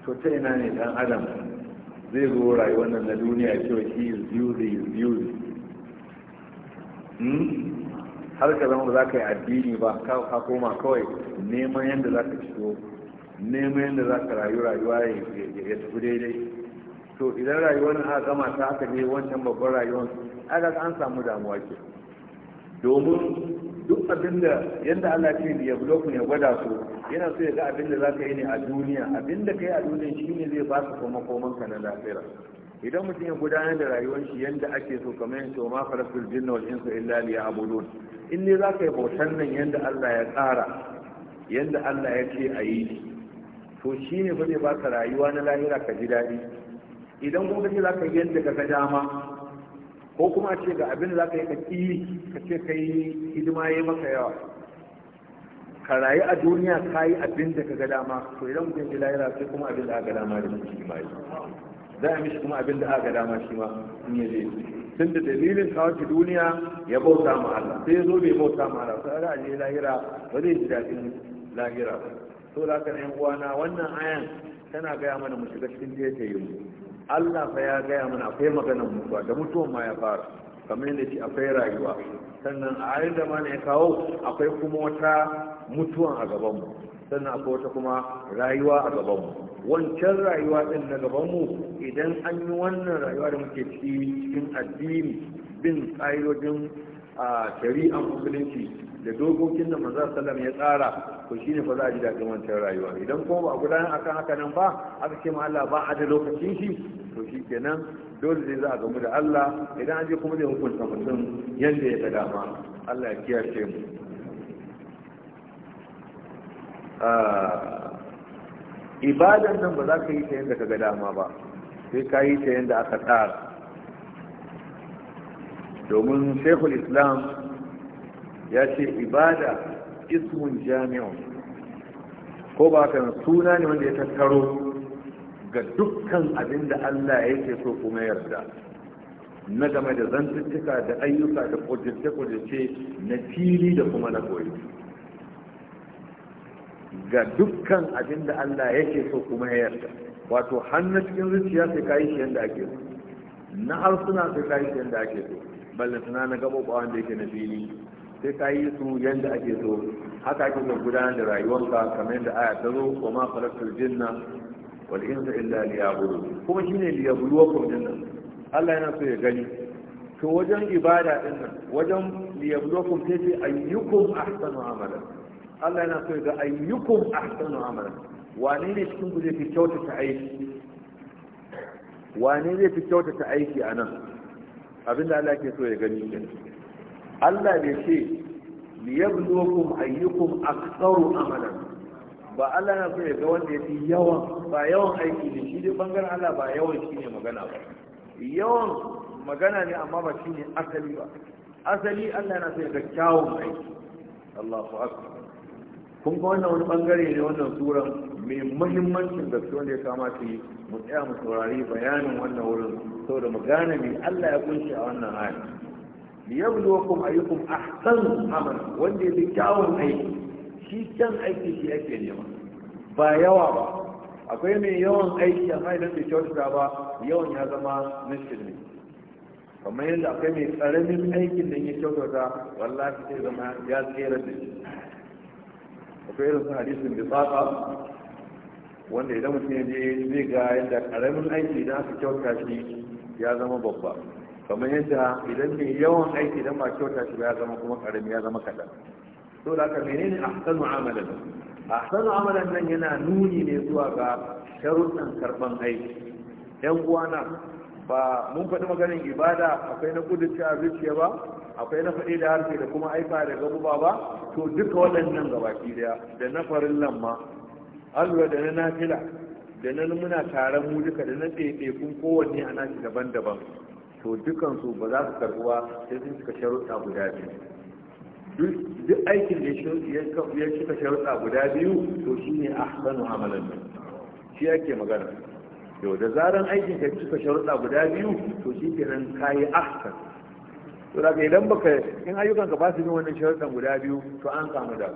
S1: to ta ina ne dan adam zai zo rayuwar nan na duniya cewa shi is busy is hmm? har ka zama ba za ka yi addini ba ka koma kawai neman yadda za ka fito neman yadda za ka rayu rayuwa ya tafi daidai to idan rayuwar na aka gama ta aka je wancan babban rayuwar aka an samu damuwa ke domin duk abin da yadda ana ce ya blokun ya gwada su yana so ya ga abin da za ka yi ne a duniya abin da ka yi a duniya shi ne zai ba su kuma komanka na lafira idan mutum ya gudanar da rayuwar shi yadda ake so kamar yin to ma farasul jinna wal insa illa liya'budun in ne za ka yi bautan nan yadda Allah ya tsara yadda Allah ya ce a yi to shi ne ba zai ba ka rayuwa na lahira ka ji daɗi idan kuma ka ce za ka yi yadda ka ga dama ko kuma ce ga abin da za ka yi kaki ka ce ka yi hidima ya maka yawa ka rayu a duniya ka yi abin da ka ga dama to idan mutum ya lahira sai kuma abin da aka dama da shi ma yi za a mishi kuma abin da aka dama shi ma in ya je tun da dalilin kawo shi duniya ya bauta ma Allah sai ya zo bai bauta ma Allah sai a je lahira ba zai ji daɗin lahira ba to da haka ne uwana wannan ayan tana gaya mana mu shiga cikin da ya mu Allah fa ya gaya mana akwai maganar mutuwa da mutuwan ma ya fara kamar yadda ce akwai rayuwa sannan a yayin da mana ya kawo akwai kuma wata mutuwa a gabanmu sannan akwai wata kuma rayuwa a gabanmu wancan rayuwa ɗin na gabanmu idan an yi wannan rayuwa da muke ciki cikin addini bin ƙa'idojin a shari'an musulunci da dokokin da maza sallam ya tsara to shine fa za a ji daɗin wancan rayuwa idan ko ba gudanar akan haka nan ba aka ce ma Allah ba a da lokacin shi to shi kenan dole zai za a gamu da Allah idan an je kuma zai hukunta mutum yadda ya ga dama Allah ya kiyarce mu ah, ibadan nan ba za ka yi ta yadda ka ga dama ba sai ka yi ta yadda aka tsara domin shekul islam ya ce ibada ismun jami'un ko ba ka suna ne wanda ya tattaro ga dukkan abin da Allah yake so kuma yarda na game da zantuttuka da ayyuka da kujirce-kujirce na fili da kuma na koyi ga dukkan abin da Allah yake so kuma yarda wato hannun cikin zuciya sai kayi shi yadda ake so na harsuna sai kayi shi yadda ake so suna na gaba wanda yake na fili sai ka yi su yadda ake so haka ake so gudanar da rayuwarka kamar yadda aya ta zo wa ma khalaqtul jinna wal insa illa buru kuma shine liyabluwakum din jinna Allah yana so ya gani to wajen ibada din nan wajen liyabluwakum sai ce ayyukum ahsanu amala Allah yana so ya ga ayyukum ahsanu amala wane ne cikin ku zai fi ta aiki wane zai fi kyautata aiki a nan abinda Allah ke so ya gani kenan Allah ya ce liyabluwakum ayyukum aktsaru amalan ba Allah na so ya ga wanda ya fi yawan ba yawan aiki ne shi dai bangaren Allah ba yawan shi ne magana ba yawan magana ne amma ba shi ne asali ba asali Allah na so ya ga kyawun aiki Allahu akbar kun ga wannan wani bangare ne wannan suran mai muhimmancin gaske wanda ya kama shi mu tsaya mu saurari bayanin wannan wurin saboda mu gane me Allah ya kunshi a wannan ayat liyabluwakum ayyukum ahsan amal wanda ya fi kyawun aiki shi can aiki shi ake nema ba yawa ba akwai mai yawan aiki amma idan bai kyautata ba yawan ya zama nishin ne kamar yadda akwai mai tsaramin aikin da ya kyautata wallahi sai zama ya tsere da shi akwai irin su hadisin da tsaka wanda idan mutum ya je zai ga yadda karamin aiki idan aka kyauta shi ya zama babba kamar yadda idan mai yawan aiki idan ba kyauta shi ya zama kuma karami ya zama kadan to da ka menene ahsanu amalan ahsanu amalan nan yana nuni ne zuwa ga sharuɗan karban aiki yan na ba mun faɗi maganin ibada akwai na kudurci a zuciya ba akwai na faɗi da harshe da kuma aika da gabuba ba to duka waɗannan gabaki daya da na farin lamma alwa da na nafila da na muna tare mu duka da na ɗaiɗaikun kowanne a nashi daban-daban to dukansu ba za su karbuwa sai sun cika sharuɗa guda biyu duk aikin da ya suka sharuɗa guda biyu to shi ne ahsanu amalan shi ake magana yau da zaran aikin ka suka sharuɗa guda biyu to shi nan kayi ahsan to daga idan baka in ayyukan ka ba su bin wannan sharuɗan guda biyu to an samu da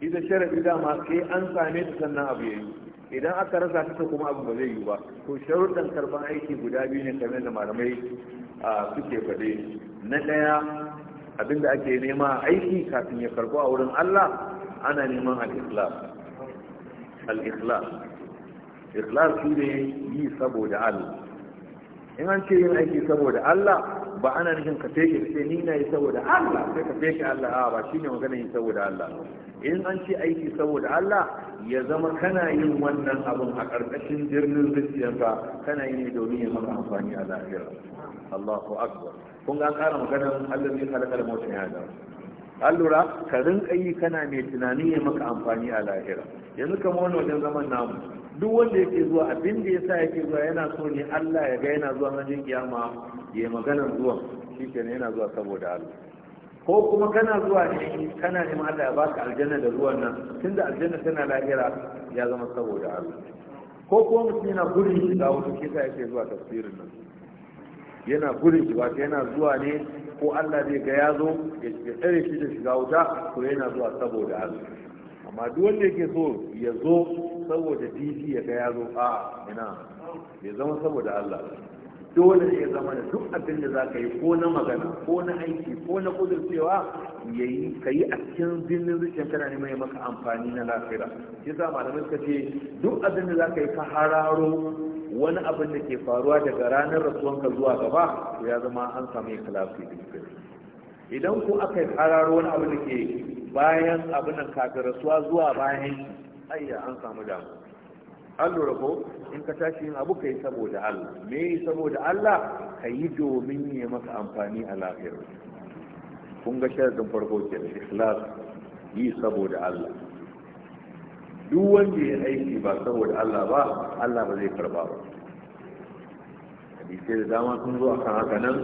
S1: ita sharaɗi dama sai an same ta sannan abu ya yi. idan aka rasa ta kuma abu ba zai yi ba to sharuɗan karban aiki guda biyu ne kamar da malamai suke faɗe na ɗaya abinda ake nema aiki kafin ya karɓo a wurin Allah ana neman al-ikhlas al-ikhlas ikhlas ne yi saboda Allah in an ce yin aiki saboda Allah ba ana nufin ka feke sai ni na yi saboda Allah sai ka ke Allah a ba shine magana yi saboda Allah in an ce aiki saboda Allah ya zama kana yin wannan abin a ƙarƙashin birnin zuciyarka kana yi domin ya maka amfani a Allah Allahu akbar kun ga ƙara maganar Allah ne kada kada mutum ya da ka rinka yi kana mai tunani ya maka amfani a lahira yanzu kamar wani wajen zaman namu duk wanda yake zuwa abin da yasa yake zuwa yana so ne Allah ya ga yana zuwa jin kiyama ya maganar zuwa shikenan yana zuwa saboda Allah ko kuma kana zuwa ne kana neman Allah ya baka aljanna da ruwan nan tunda aljanna tana lahira ya zama saboda Allah ko kuma mutum yana gurin shiga ke kisa yake zuwa tafsirin nan yana gurin shiga yana zuwa ne ko Allah zai ga ya zo ya tsare shi da shiga wuta ko yana zuwa saboda Allah amma duk wanda yake so ya zo saboda didi ya ga ya zo a ina ya zama saboda Allah dole ne ya zama da duk abin da za ka yi ko na magana ko na aiki ko na kudurcewa ya yi ka yi a cikin zinin zuciyar kana neman ya maka amfani na lafira shi sa malamai suka ce duk abin da za ka yi ka hararo wani abin da ke faruwa daga ranar rasuwanka zuwa gaba to ya zama an samu ya kalafi idan ko aka yi hararo wani abin da ke bayan abin da kafin rasuwa zuwa bayan ayya an samu damu an ko in ka tashi yin abu ka yi saboda Allah me saboda Allah ka yi domin ya maka amfani a lafiyar kun ga sharadin farko ke ikhlas yi saboda Allah duk wanda ya aiki ba saboda Allah ba Allah ba zai karba ba hadisai da dama sun zo akan haka nan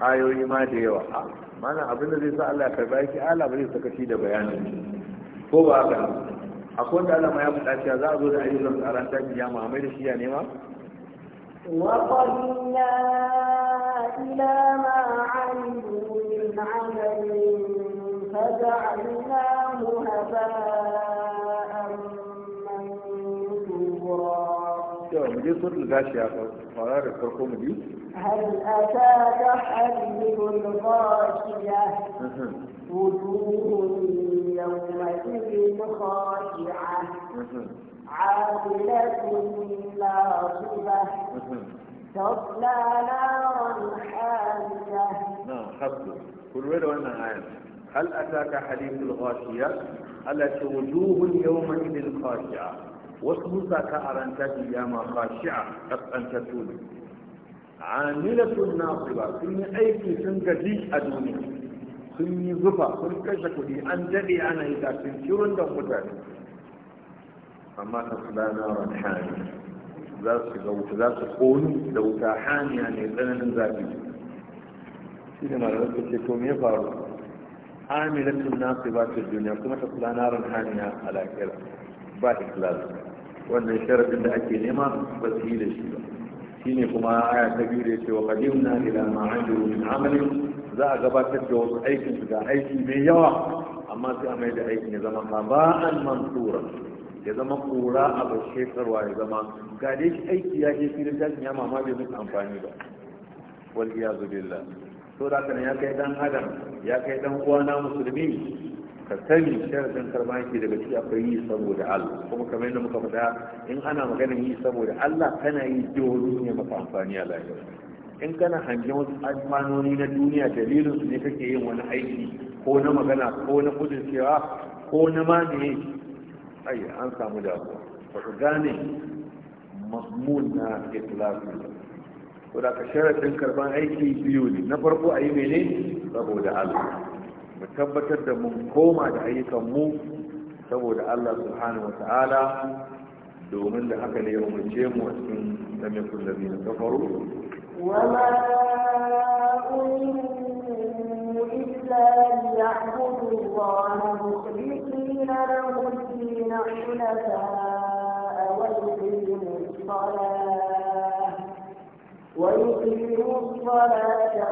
S1: ayoyi ma da yawa a ah, mana abin da zai sa Allah ya karba yake Allah ba zai saka shi da bayanin ko ba haka akwai wanda Allah ma ya faɗa cewa za a zo da ayyukan tsaron ta kiyama mai da shi ya nema
S2: وقدمنا إلى ما عملوا من عمل فجعلناه دي
S1: صوت gashiya يا da farko
S2: mu هل أتاك حديث الغاشية وجوه يومئذ خاشعة عاملة ناصبة تصلى نارا حامية
S1: نعم حسب كل وين وانا عام هل أتاك حديث الغاشية التي وجوه يومئذ خاشعة wasu musaka a ran tashin yama khashi'a kaskantattu ne amilatun nasiba sun yi aiki sun gaji a duniya sun yi zufa sun kashe kuɗi an daɗe ana yi sun shirin da mutane amma ta tsada ran hali za su ga wuta za su ƙoni da wuta haniya ne tsananin zafi shi ne malamar ta ce to me faru amilatun nasiba ta duniya kuma ta tsada ran haniya a lakira ba ikhlas wannan sharadin da ake nema ba su yi da shi ba ne kuma aya ta biyu da yake wa na ila ma wani amali za a gabatar da wasu aikin su ga aiki mai yawa amma sai a mai da aikin ya zama an mantura ya zama kura a bashekarwa ya zama ga dai shi aiki ya je filin tashin ya mama bai musu amfani ba wal iyazu billah so da ya kai dan adam ya kai dan uwana musulmi ka sani sharadin karba yake daga ciki akwai yi saboda Allah kuma kamar yadda muka faɗa in ana magana yi saboda Allah kana yi jihohi ne maka amfani a lafiya in kana hangen wasu amfanoni na duniya dalilin su ne kake yin wani aiki ko na magana ko na kudin cewa ko na mamaye ai an samu damuwa ba ku gane mahmud na islamu ko da ka sharadin karban aiki biyu ne na farko a yi mene saboda Allah mu tabbatar da mun koma da ayyukan mu saboda Allah subhanahu wata'ala domin da haka ne ya umarce mu a cikin samin kullabi na kafaru
S2: وما أمروا إلا ليعبدوا الله مخلصين له الدين حنفاء ويقيموا الصلاة ويقيموا الصلاة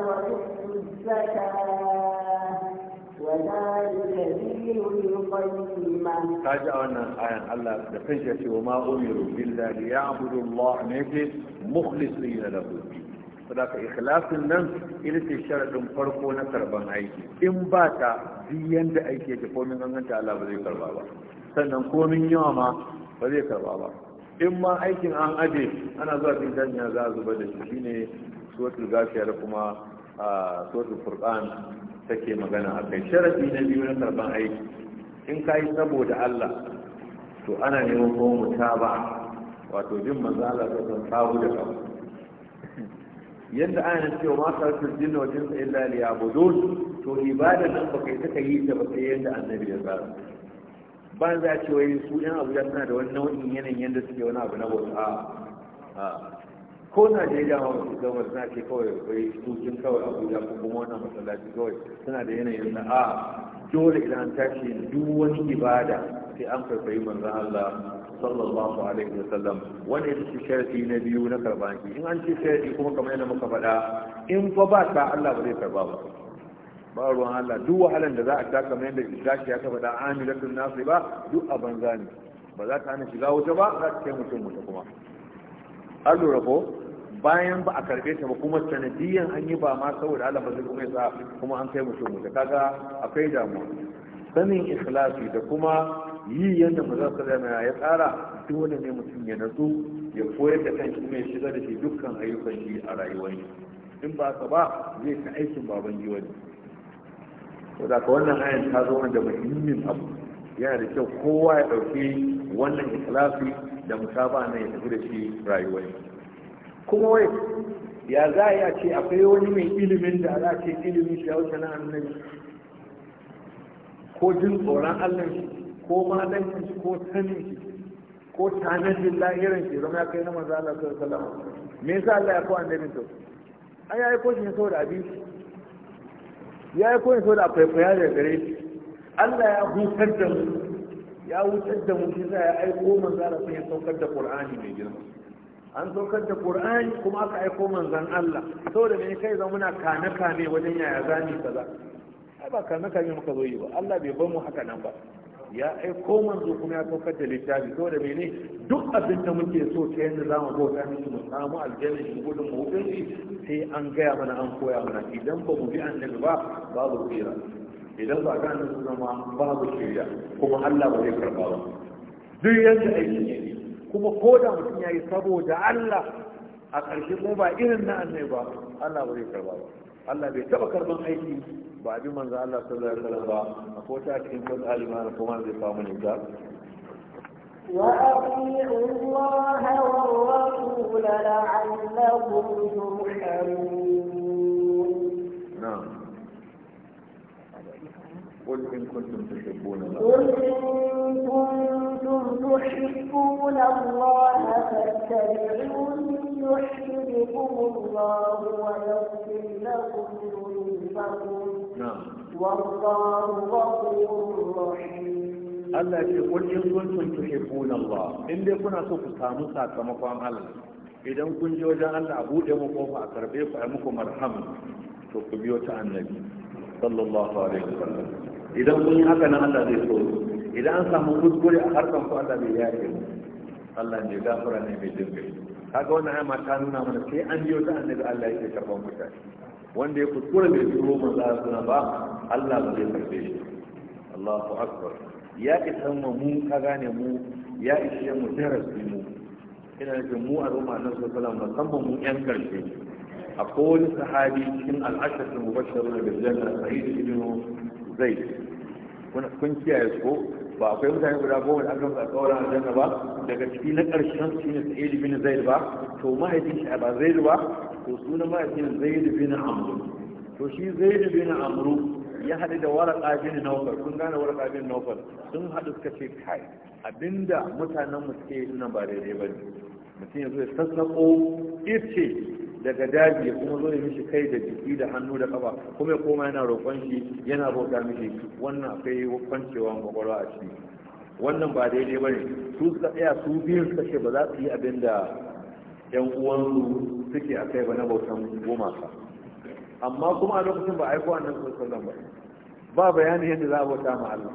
S2: ويؤتوا الزكاة ji a
S1: wannan ayan Allah da kan ya ce wa ma umiru illa li ya'budu Allah ne ce mukhlisina lahu sadaka ikhlasin nan ita ce sharadin farko na karban aiki in ba ta biyan da aiki yake komin ganganta Allah ba zai karba ba sannan komin yawa ma ba zai karba ba in ma aikin an aje ana zuwa cikin danya za a zuba da shi shine suratul ghafiyar kuma suratul furqan take magana a kai sharaɗi na biyu na karban aiki in ka yi saboda Allah to ana neman ko mutaba wato jin manzo Allah ta san tawo da kawo yadda ana cewa ma su jin wa jin illa yabudun to ibada nan ba kai take yi ta ba sai yadda annabi ya tsara ba za a ce wai su yan abuja suna da wani nau'in yanayin yadda suke wani abu na bauta a ko na je ma su gabar na ke kawai bai tutun kawai abuja ko kuma wannan masallaci kawai suna da yanayin na a ah, dole idan tashi duk wani ibada sai an farfayi manzon Allah sallallahu alaihi wa sallam wani ita ce sharadi na biyu na karban ki in an ci sharadi kuma kamar yadda muka faɗa in fa ba ta Allah ba zai karba ba ba ruwan Allah duk wahalan da za a ta kamar yadda Ishashi ya faɗa amilatun nasi ba duk a banza ne ba za ta hana shiga wuta ba za ta kai mutum wuta kuma an lura ko bayan ba a karbe ta ba kuma sanadiyan an yi ba ma saboda Allah ba zai kuma yasa kuma an kai mutum mutum kaga akwai damuwa sanin ikhlasi da kuma yi yadda ba za su zama ya tsara dole ne mutum ya natsu ya koyar da kanki mai ya shiga da shi dukkan ayyukan shi a rayuwar shi in ba ka ba zai ka aikin baban ji wani saboda ka wannan ayan ta zo wanda muhimmin abu yana da kyau kowa ya ɗauki wannan ikhlasi da musaba na ya tafi da shi rayuwar shi kuma wai ya za a yi a ce akwai wani mai ilimin da za a ce ilimin shi ya wuce na annabi ko jin tsoron allah shi ko malamin shi ko sanin shi ko tanadin lahirin shi zama ya kai na maza Allah sallallahu alaihi wasallam me yasa Allah ya ko annabi to an ya yi ko shi ne saboda abin ya aiko ne saboda faifaya da gare shi Allah ya hutar da mu ya hutar da mu shi ya aiko manzo Allah sun yi saukar da Qur'ani mai girma an saukar da qur'ani kuma aka aiko manzon Allah saboda me kai zama muna kana kame wajen yaya zani kaza ai ba kana kame muka zo yi ba Allah bai bar mu haka nan ba ya aiko manzo kuma ya saukar da littafi saboda ne duk abin da muke so ta yadda za mu bauta miki mu samu aljanna shi gudun mu hukunci sai an gaya mana an koya mana idan ba mu bi annabi ba babu tsira idan ba ga annabi zama babu kira kuma Allah ba zai karba ba duk yanda aiki ne kuma ko da mutum ya yi saboda Allah a ƙarshe kuma ba irin na annai ba Allah ba zai karba ba Allah bai taɓa karban aiki ba abin manzo Allah sallallahu alaihi wasallam ba a ko ta cikin kun alima da kuma zai samu ne ga
S2: وأطيعوا الله والرسول لعلكم ترحمون
S1: نعم قل إن كنتم تحبون الله قل
S2: إن كنتم تحبون الله فاتبعوني يحببكم الله ويغفر لكم ذنوبكم والله غفور رحيم
S1: Allah ce kun in kuntum tuhibbuna Allah in dai kuna so ku samu sakamakon Allah idan kun je wajen Allah a bude mu kofa a karbe ku a muku marham to ku biyo ta annabi sallallahu alaihi wasallam idan kun yi haka nan Allah zai so idan an samu kuskure a harkan ku Allah bai yafe Allah ne gafara ne mai jin kai kaga wannan ayama ta nuna mana sai an biyo ta annabi Allah yake karban mutane wanda ya kuskure bai turo manzo Allah suna ba Allah ba zai karbe shi Allahu akbar ya isan mu mun ka gane mu ya ishe mu darasi mu ina nufin mu al'umma na sallallahu musamman mu yan karshe A wani sahabi cikin al'ashatul da bil janna sa'id ibn zaid kun kiyaye ko ba akwai mutane guda goma da aka musu alƙawarin aljanna ba daga ciki na ƙarshen su ne sa'id bin zaid ba to mahaifin shi ba zaid ba to sunan mahaifin zaid bin amru to shi zaid bin amru ya haɗu da waraka bin nawfal kun gane waraka bin nawfal sun haɗu suka ce kai abinda mutanen mu suke yi nan ba daidai ba ne mutum ya zo ya sassaƙo irce daga daji ya kuma zo ya mishi kai da jiki da hannu da kafa kuma ya koma yana roƙon shi yana bauta mishi wannan akwai kwancewa kwakwalwa a ciki wannan ba daidai ba ne su suka tsaya su biyun suka kashe ba za su yi abin da yan uwansu suke a kai ba na bautan gumaka amma kuma a lokacin ba a aiko annan sallan ba ba bayanin yadda za a bauta ma Allah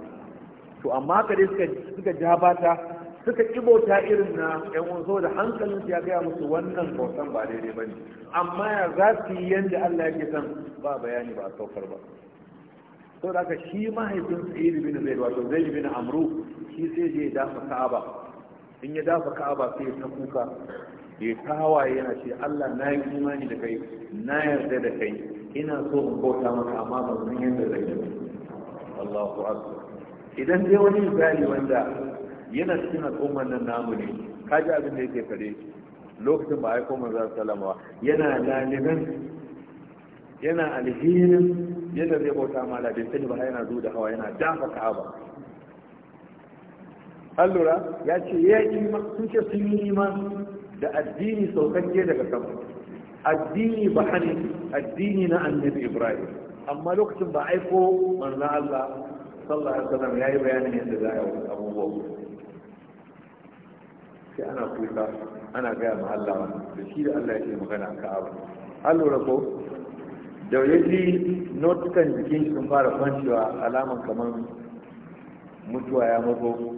S1: to amma ka dai suka ja bata suka ta irin na yan wanzo da hankalin ya gaya musu wannan bautan ba daidai ba ne amma ya za su yi yadda Allah yake san ba bayani ba a saukar ba sau da aka shi mahaifin sa'id bin zai wato zaid bin amru shi sai je dafa ka'aba in ya dafa ka'aba sai ta kuka ya kawa yana ce Allah na yi imani da kai na yarda da kai ina so in bauta maka amma ba zan yadda zai yi Allahu akbar idan dai wani misali wanda yana cikin al'ummar nan namu ne ka ji abin da yake fare lokacin ba aiko manzo sallama yana laliban yana alhinin yadda zai bauta ma labin sani ba yana zuwa da hawa yana dafa ka'aba allura ya ce ya yi ma sun ce sun yi ma da addini saukakke daga sama addini ba hani addini na annabi ibrahim amma lokacin ba aiko manzo allah sallallahu alaihi wasallam yi bayanin yadda za a yi abubuwa sai ana kuka ana gaya ma Allah da shi da Allah yake magana ka abu an lura ko da yaji notukan jikin shi sun fara kwanciwa alaman kamar mutuwa ya mago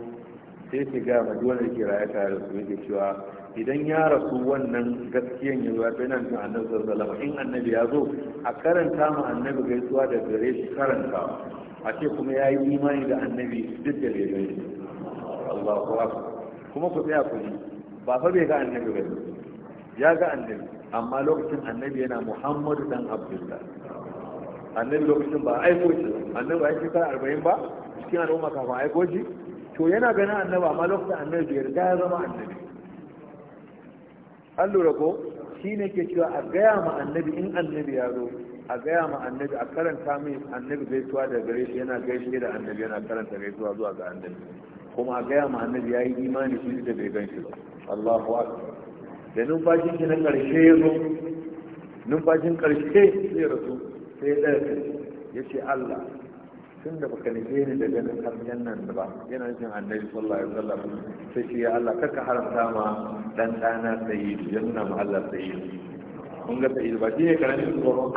S1: sai ke gaya ma duk ke raya tare da su yake cewa idan ya rasu wannan gaskiyan ya zuwa tana nufin annabi sallallahu alaihi in annabi ya zo a karanta ma annabi gaisuwa da gare shi karanta a ce kuma ya yi imani da annabi duk da bai gani Allahu akbar kuma ku tsaya ku ba fa bai ga annabi ba ya ga annabi amma lokacin annabi yana muhammadu dan abdullah annabi lokacin ba aiko shi annabi ba shekara arba'in ba cikin al'umma kafin aiko shi to yana ganin annabi amma lokacin annabi bai riga ya zama annabi an lura ko shi ne ke cewa a gaya ma annabi in annabi ya zo a gaya ma annabi a karanta min annabi gaisuwa da gare shi yana gaishe da annabi yana karanta gaisuwa zuwa ga annabi kuma a gaya ma annabi ya yi imani shi da bai ganshi ba Allahu akbar da numfashin shi na karshe ya zo numfashin karshe sai rasu sai ya ya ce Allah tun da baka nufe ni da ganin hanyar nan ba yana jin annabi sallallahu alaihi wasallam sai ce ya Allah kaka haramta ma dan dana sayyidi ya ma Allah sayyidi ga ga ilba shi ne karamin tsoro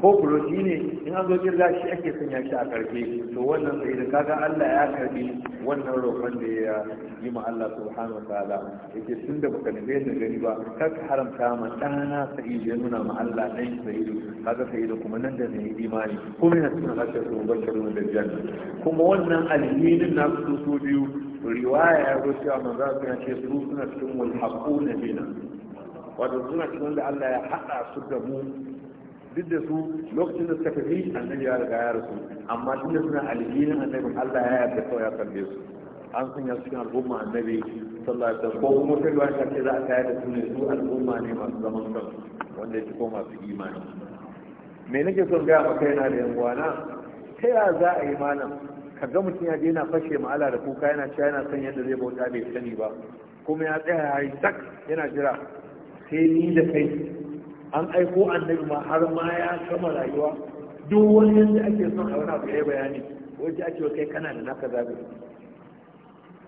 S1: ko kulo ne in an zo kirga shi ake sanya shi a karfe to wannan da kaga Allah ya karbi wannan roƙon da ya yi ma Allah subhanahu wa ta'ala yake da baka nabe da gani ba kar ka haramta ma ɗana sai ya nuna ma Allah dan sa'id kaga da kuma nan da ne imani kuma yana cikin lafiyar su bashiru da jan kuma wannan alhinin na su biyu riwaya ya zo cewa manzo ya ce su suna cikin wal haquna bina wato suna cikin da Allah ya haɗa su da mu duk da su lokacin da suka tafi annabi ya riga ya rasu amma duk da suna alhinin annabi Allah ya yarda kawai ya kalle su an sanya su cikin al'umma annabi sallallahu alaihi wasallam ko kuma sai ruwan ta ce za a kai da su ne su al'umma ne masu zaman kansu wanda yake ko masu imani me nake son gaya maka yana da yan uwana ta ya za a yi malam ka ga mutum ya je yana fashe ma'ala da kuka yana cewa yana son yadda zai bauta bai sani ba kuma ya tsaya ya yi tak yana jira sai ni da kai an aiko annabi ma har ma ya kama rayuwa duk wani yadda ake son a wani abu ya bayani wajen ake kai kana da naka zaɓi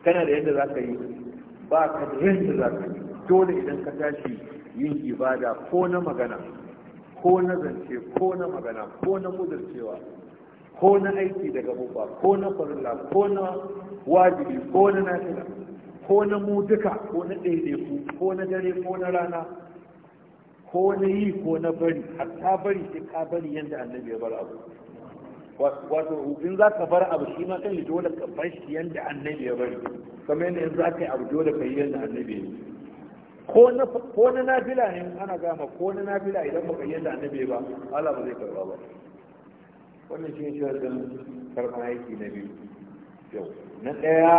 S1: kana da yadda za ka yi ba ka da za ka yi dole idan ka tashi yin ibada ko na magana ko na zance ko na magana ko na kudurcewa ko na aiki daga babba ko na farilla ko na wajibi ko na nafila ko na mu duka ko na ɗaiɗaiku ko na dare ko na rana ko na yi ko na bari hatta bari sai ka bari yadda annabi ya bar abu wato in za ka bar abu shi ma kan yi dole ka bar shi yadda annabi ya bari kamar yadda in za ka yi abu dole ka yi yadda annabi ya ko na nabila ne ana gama ko na nabila idan baka yi yadda annabi ba Allah ba zai karba ba wannan shi ne shi wajen karɓar aiki na biyu yau na ɗaya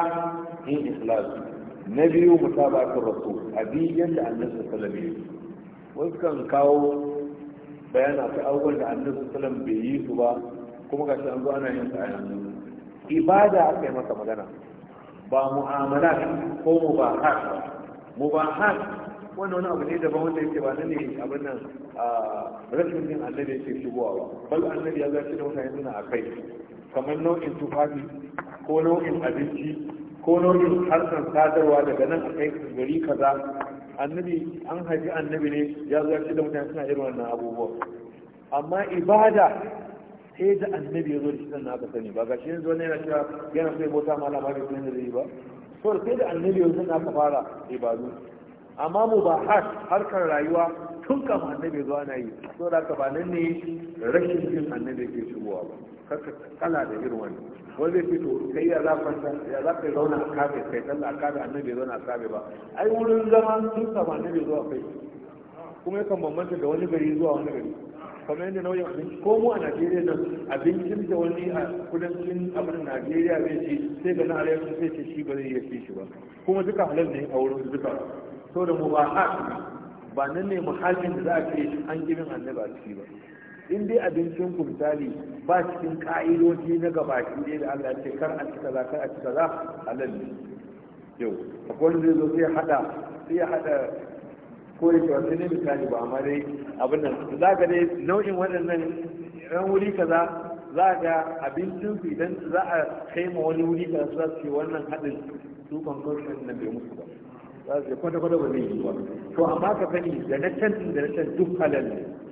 S1: yin ikhlasi na biyu mutaba'atul a abi da annabi su alaihi wasu kan kawo bayana ta abubuwan da annabi sallallahu bai yi su ba kuma gashi an zo ana yin sa a yanzu ibada aka yi masa magana ba mu'amala ko mu Mu mubahat wannan wani abu ne da ban wanda yake ba nan ne abin nan a rashin yin annabi yake shigowa ba bal annabi ya zaci da mutane suna a kai kamar nau'in tufafi ko nau'in abinci ko harkar sadarwa daga nan a kai gari kaza annabi an haifi annabi ne ya zo shi da mutane suna irin wannan abubuwa amma ibada sai da annabi ya zo da shi sannan aka sani ba ga shi yanzu wani yana cewa yana sai bota ma alama da da ba so sai da annabi ya zo sannan aka fara ibadu amma mu ba har harkar rayuwa tun kama annabi ya zo ana yi so da ka ba nan ne rashin jin annabi ke shigowa ba kaka kala da irin wannan wani zai fito kai ya za kwanta ya za ka zauna a kafe kai sallah a kafe annabi bai zauna a kafe ba ai wurin zama sun sama annabi bai zuwa kai kuma yakan bambanta da wani gari zuwa wani gari kamar yadda nauyin abinci ko mu a najeriya nan abincin da wani a kudancin abin najeriya zai ce sai ga na arewacin sai ce shi ba zai iya ci shi ba kuma duka halar ne a wurin duka so da mu ba ba nan ne muhajin da za a ce an gibin annabi a ciki ba in dai abincin ku misali ba cikin ka'idoji na gabaki dai da Allah ce kar a cika za kar a cika za halal ne yau akwai wanda zai zo sai hada sai ya hada ko ya ce wani ne misali ba amma dai abin nan za ka dai nau'in waɗannan ran wuri kaza za ga abincin ku idan za a kai ma wani wuri kaza za su ce wannan haɗin su concoction na bai musu ba za su ce kwata-kwata ba zai yi ba to amma ka sani da na can da na can duk halal ne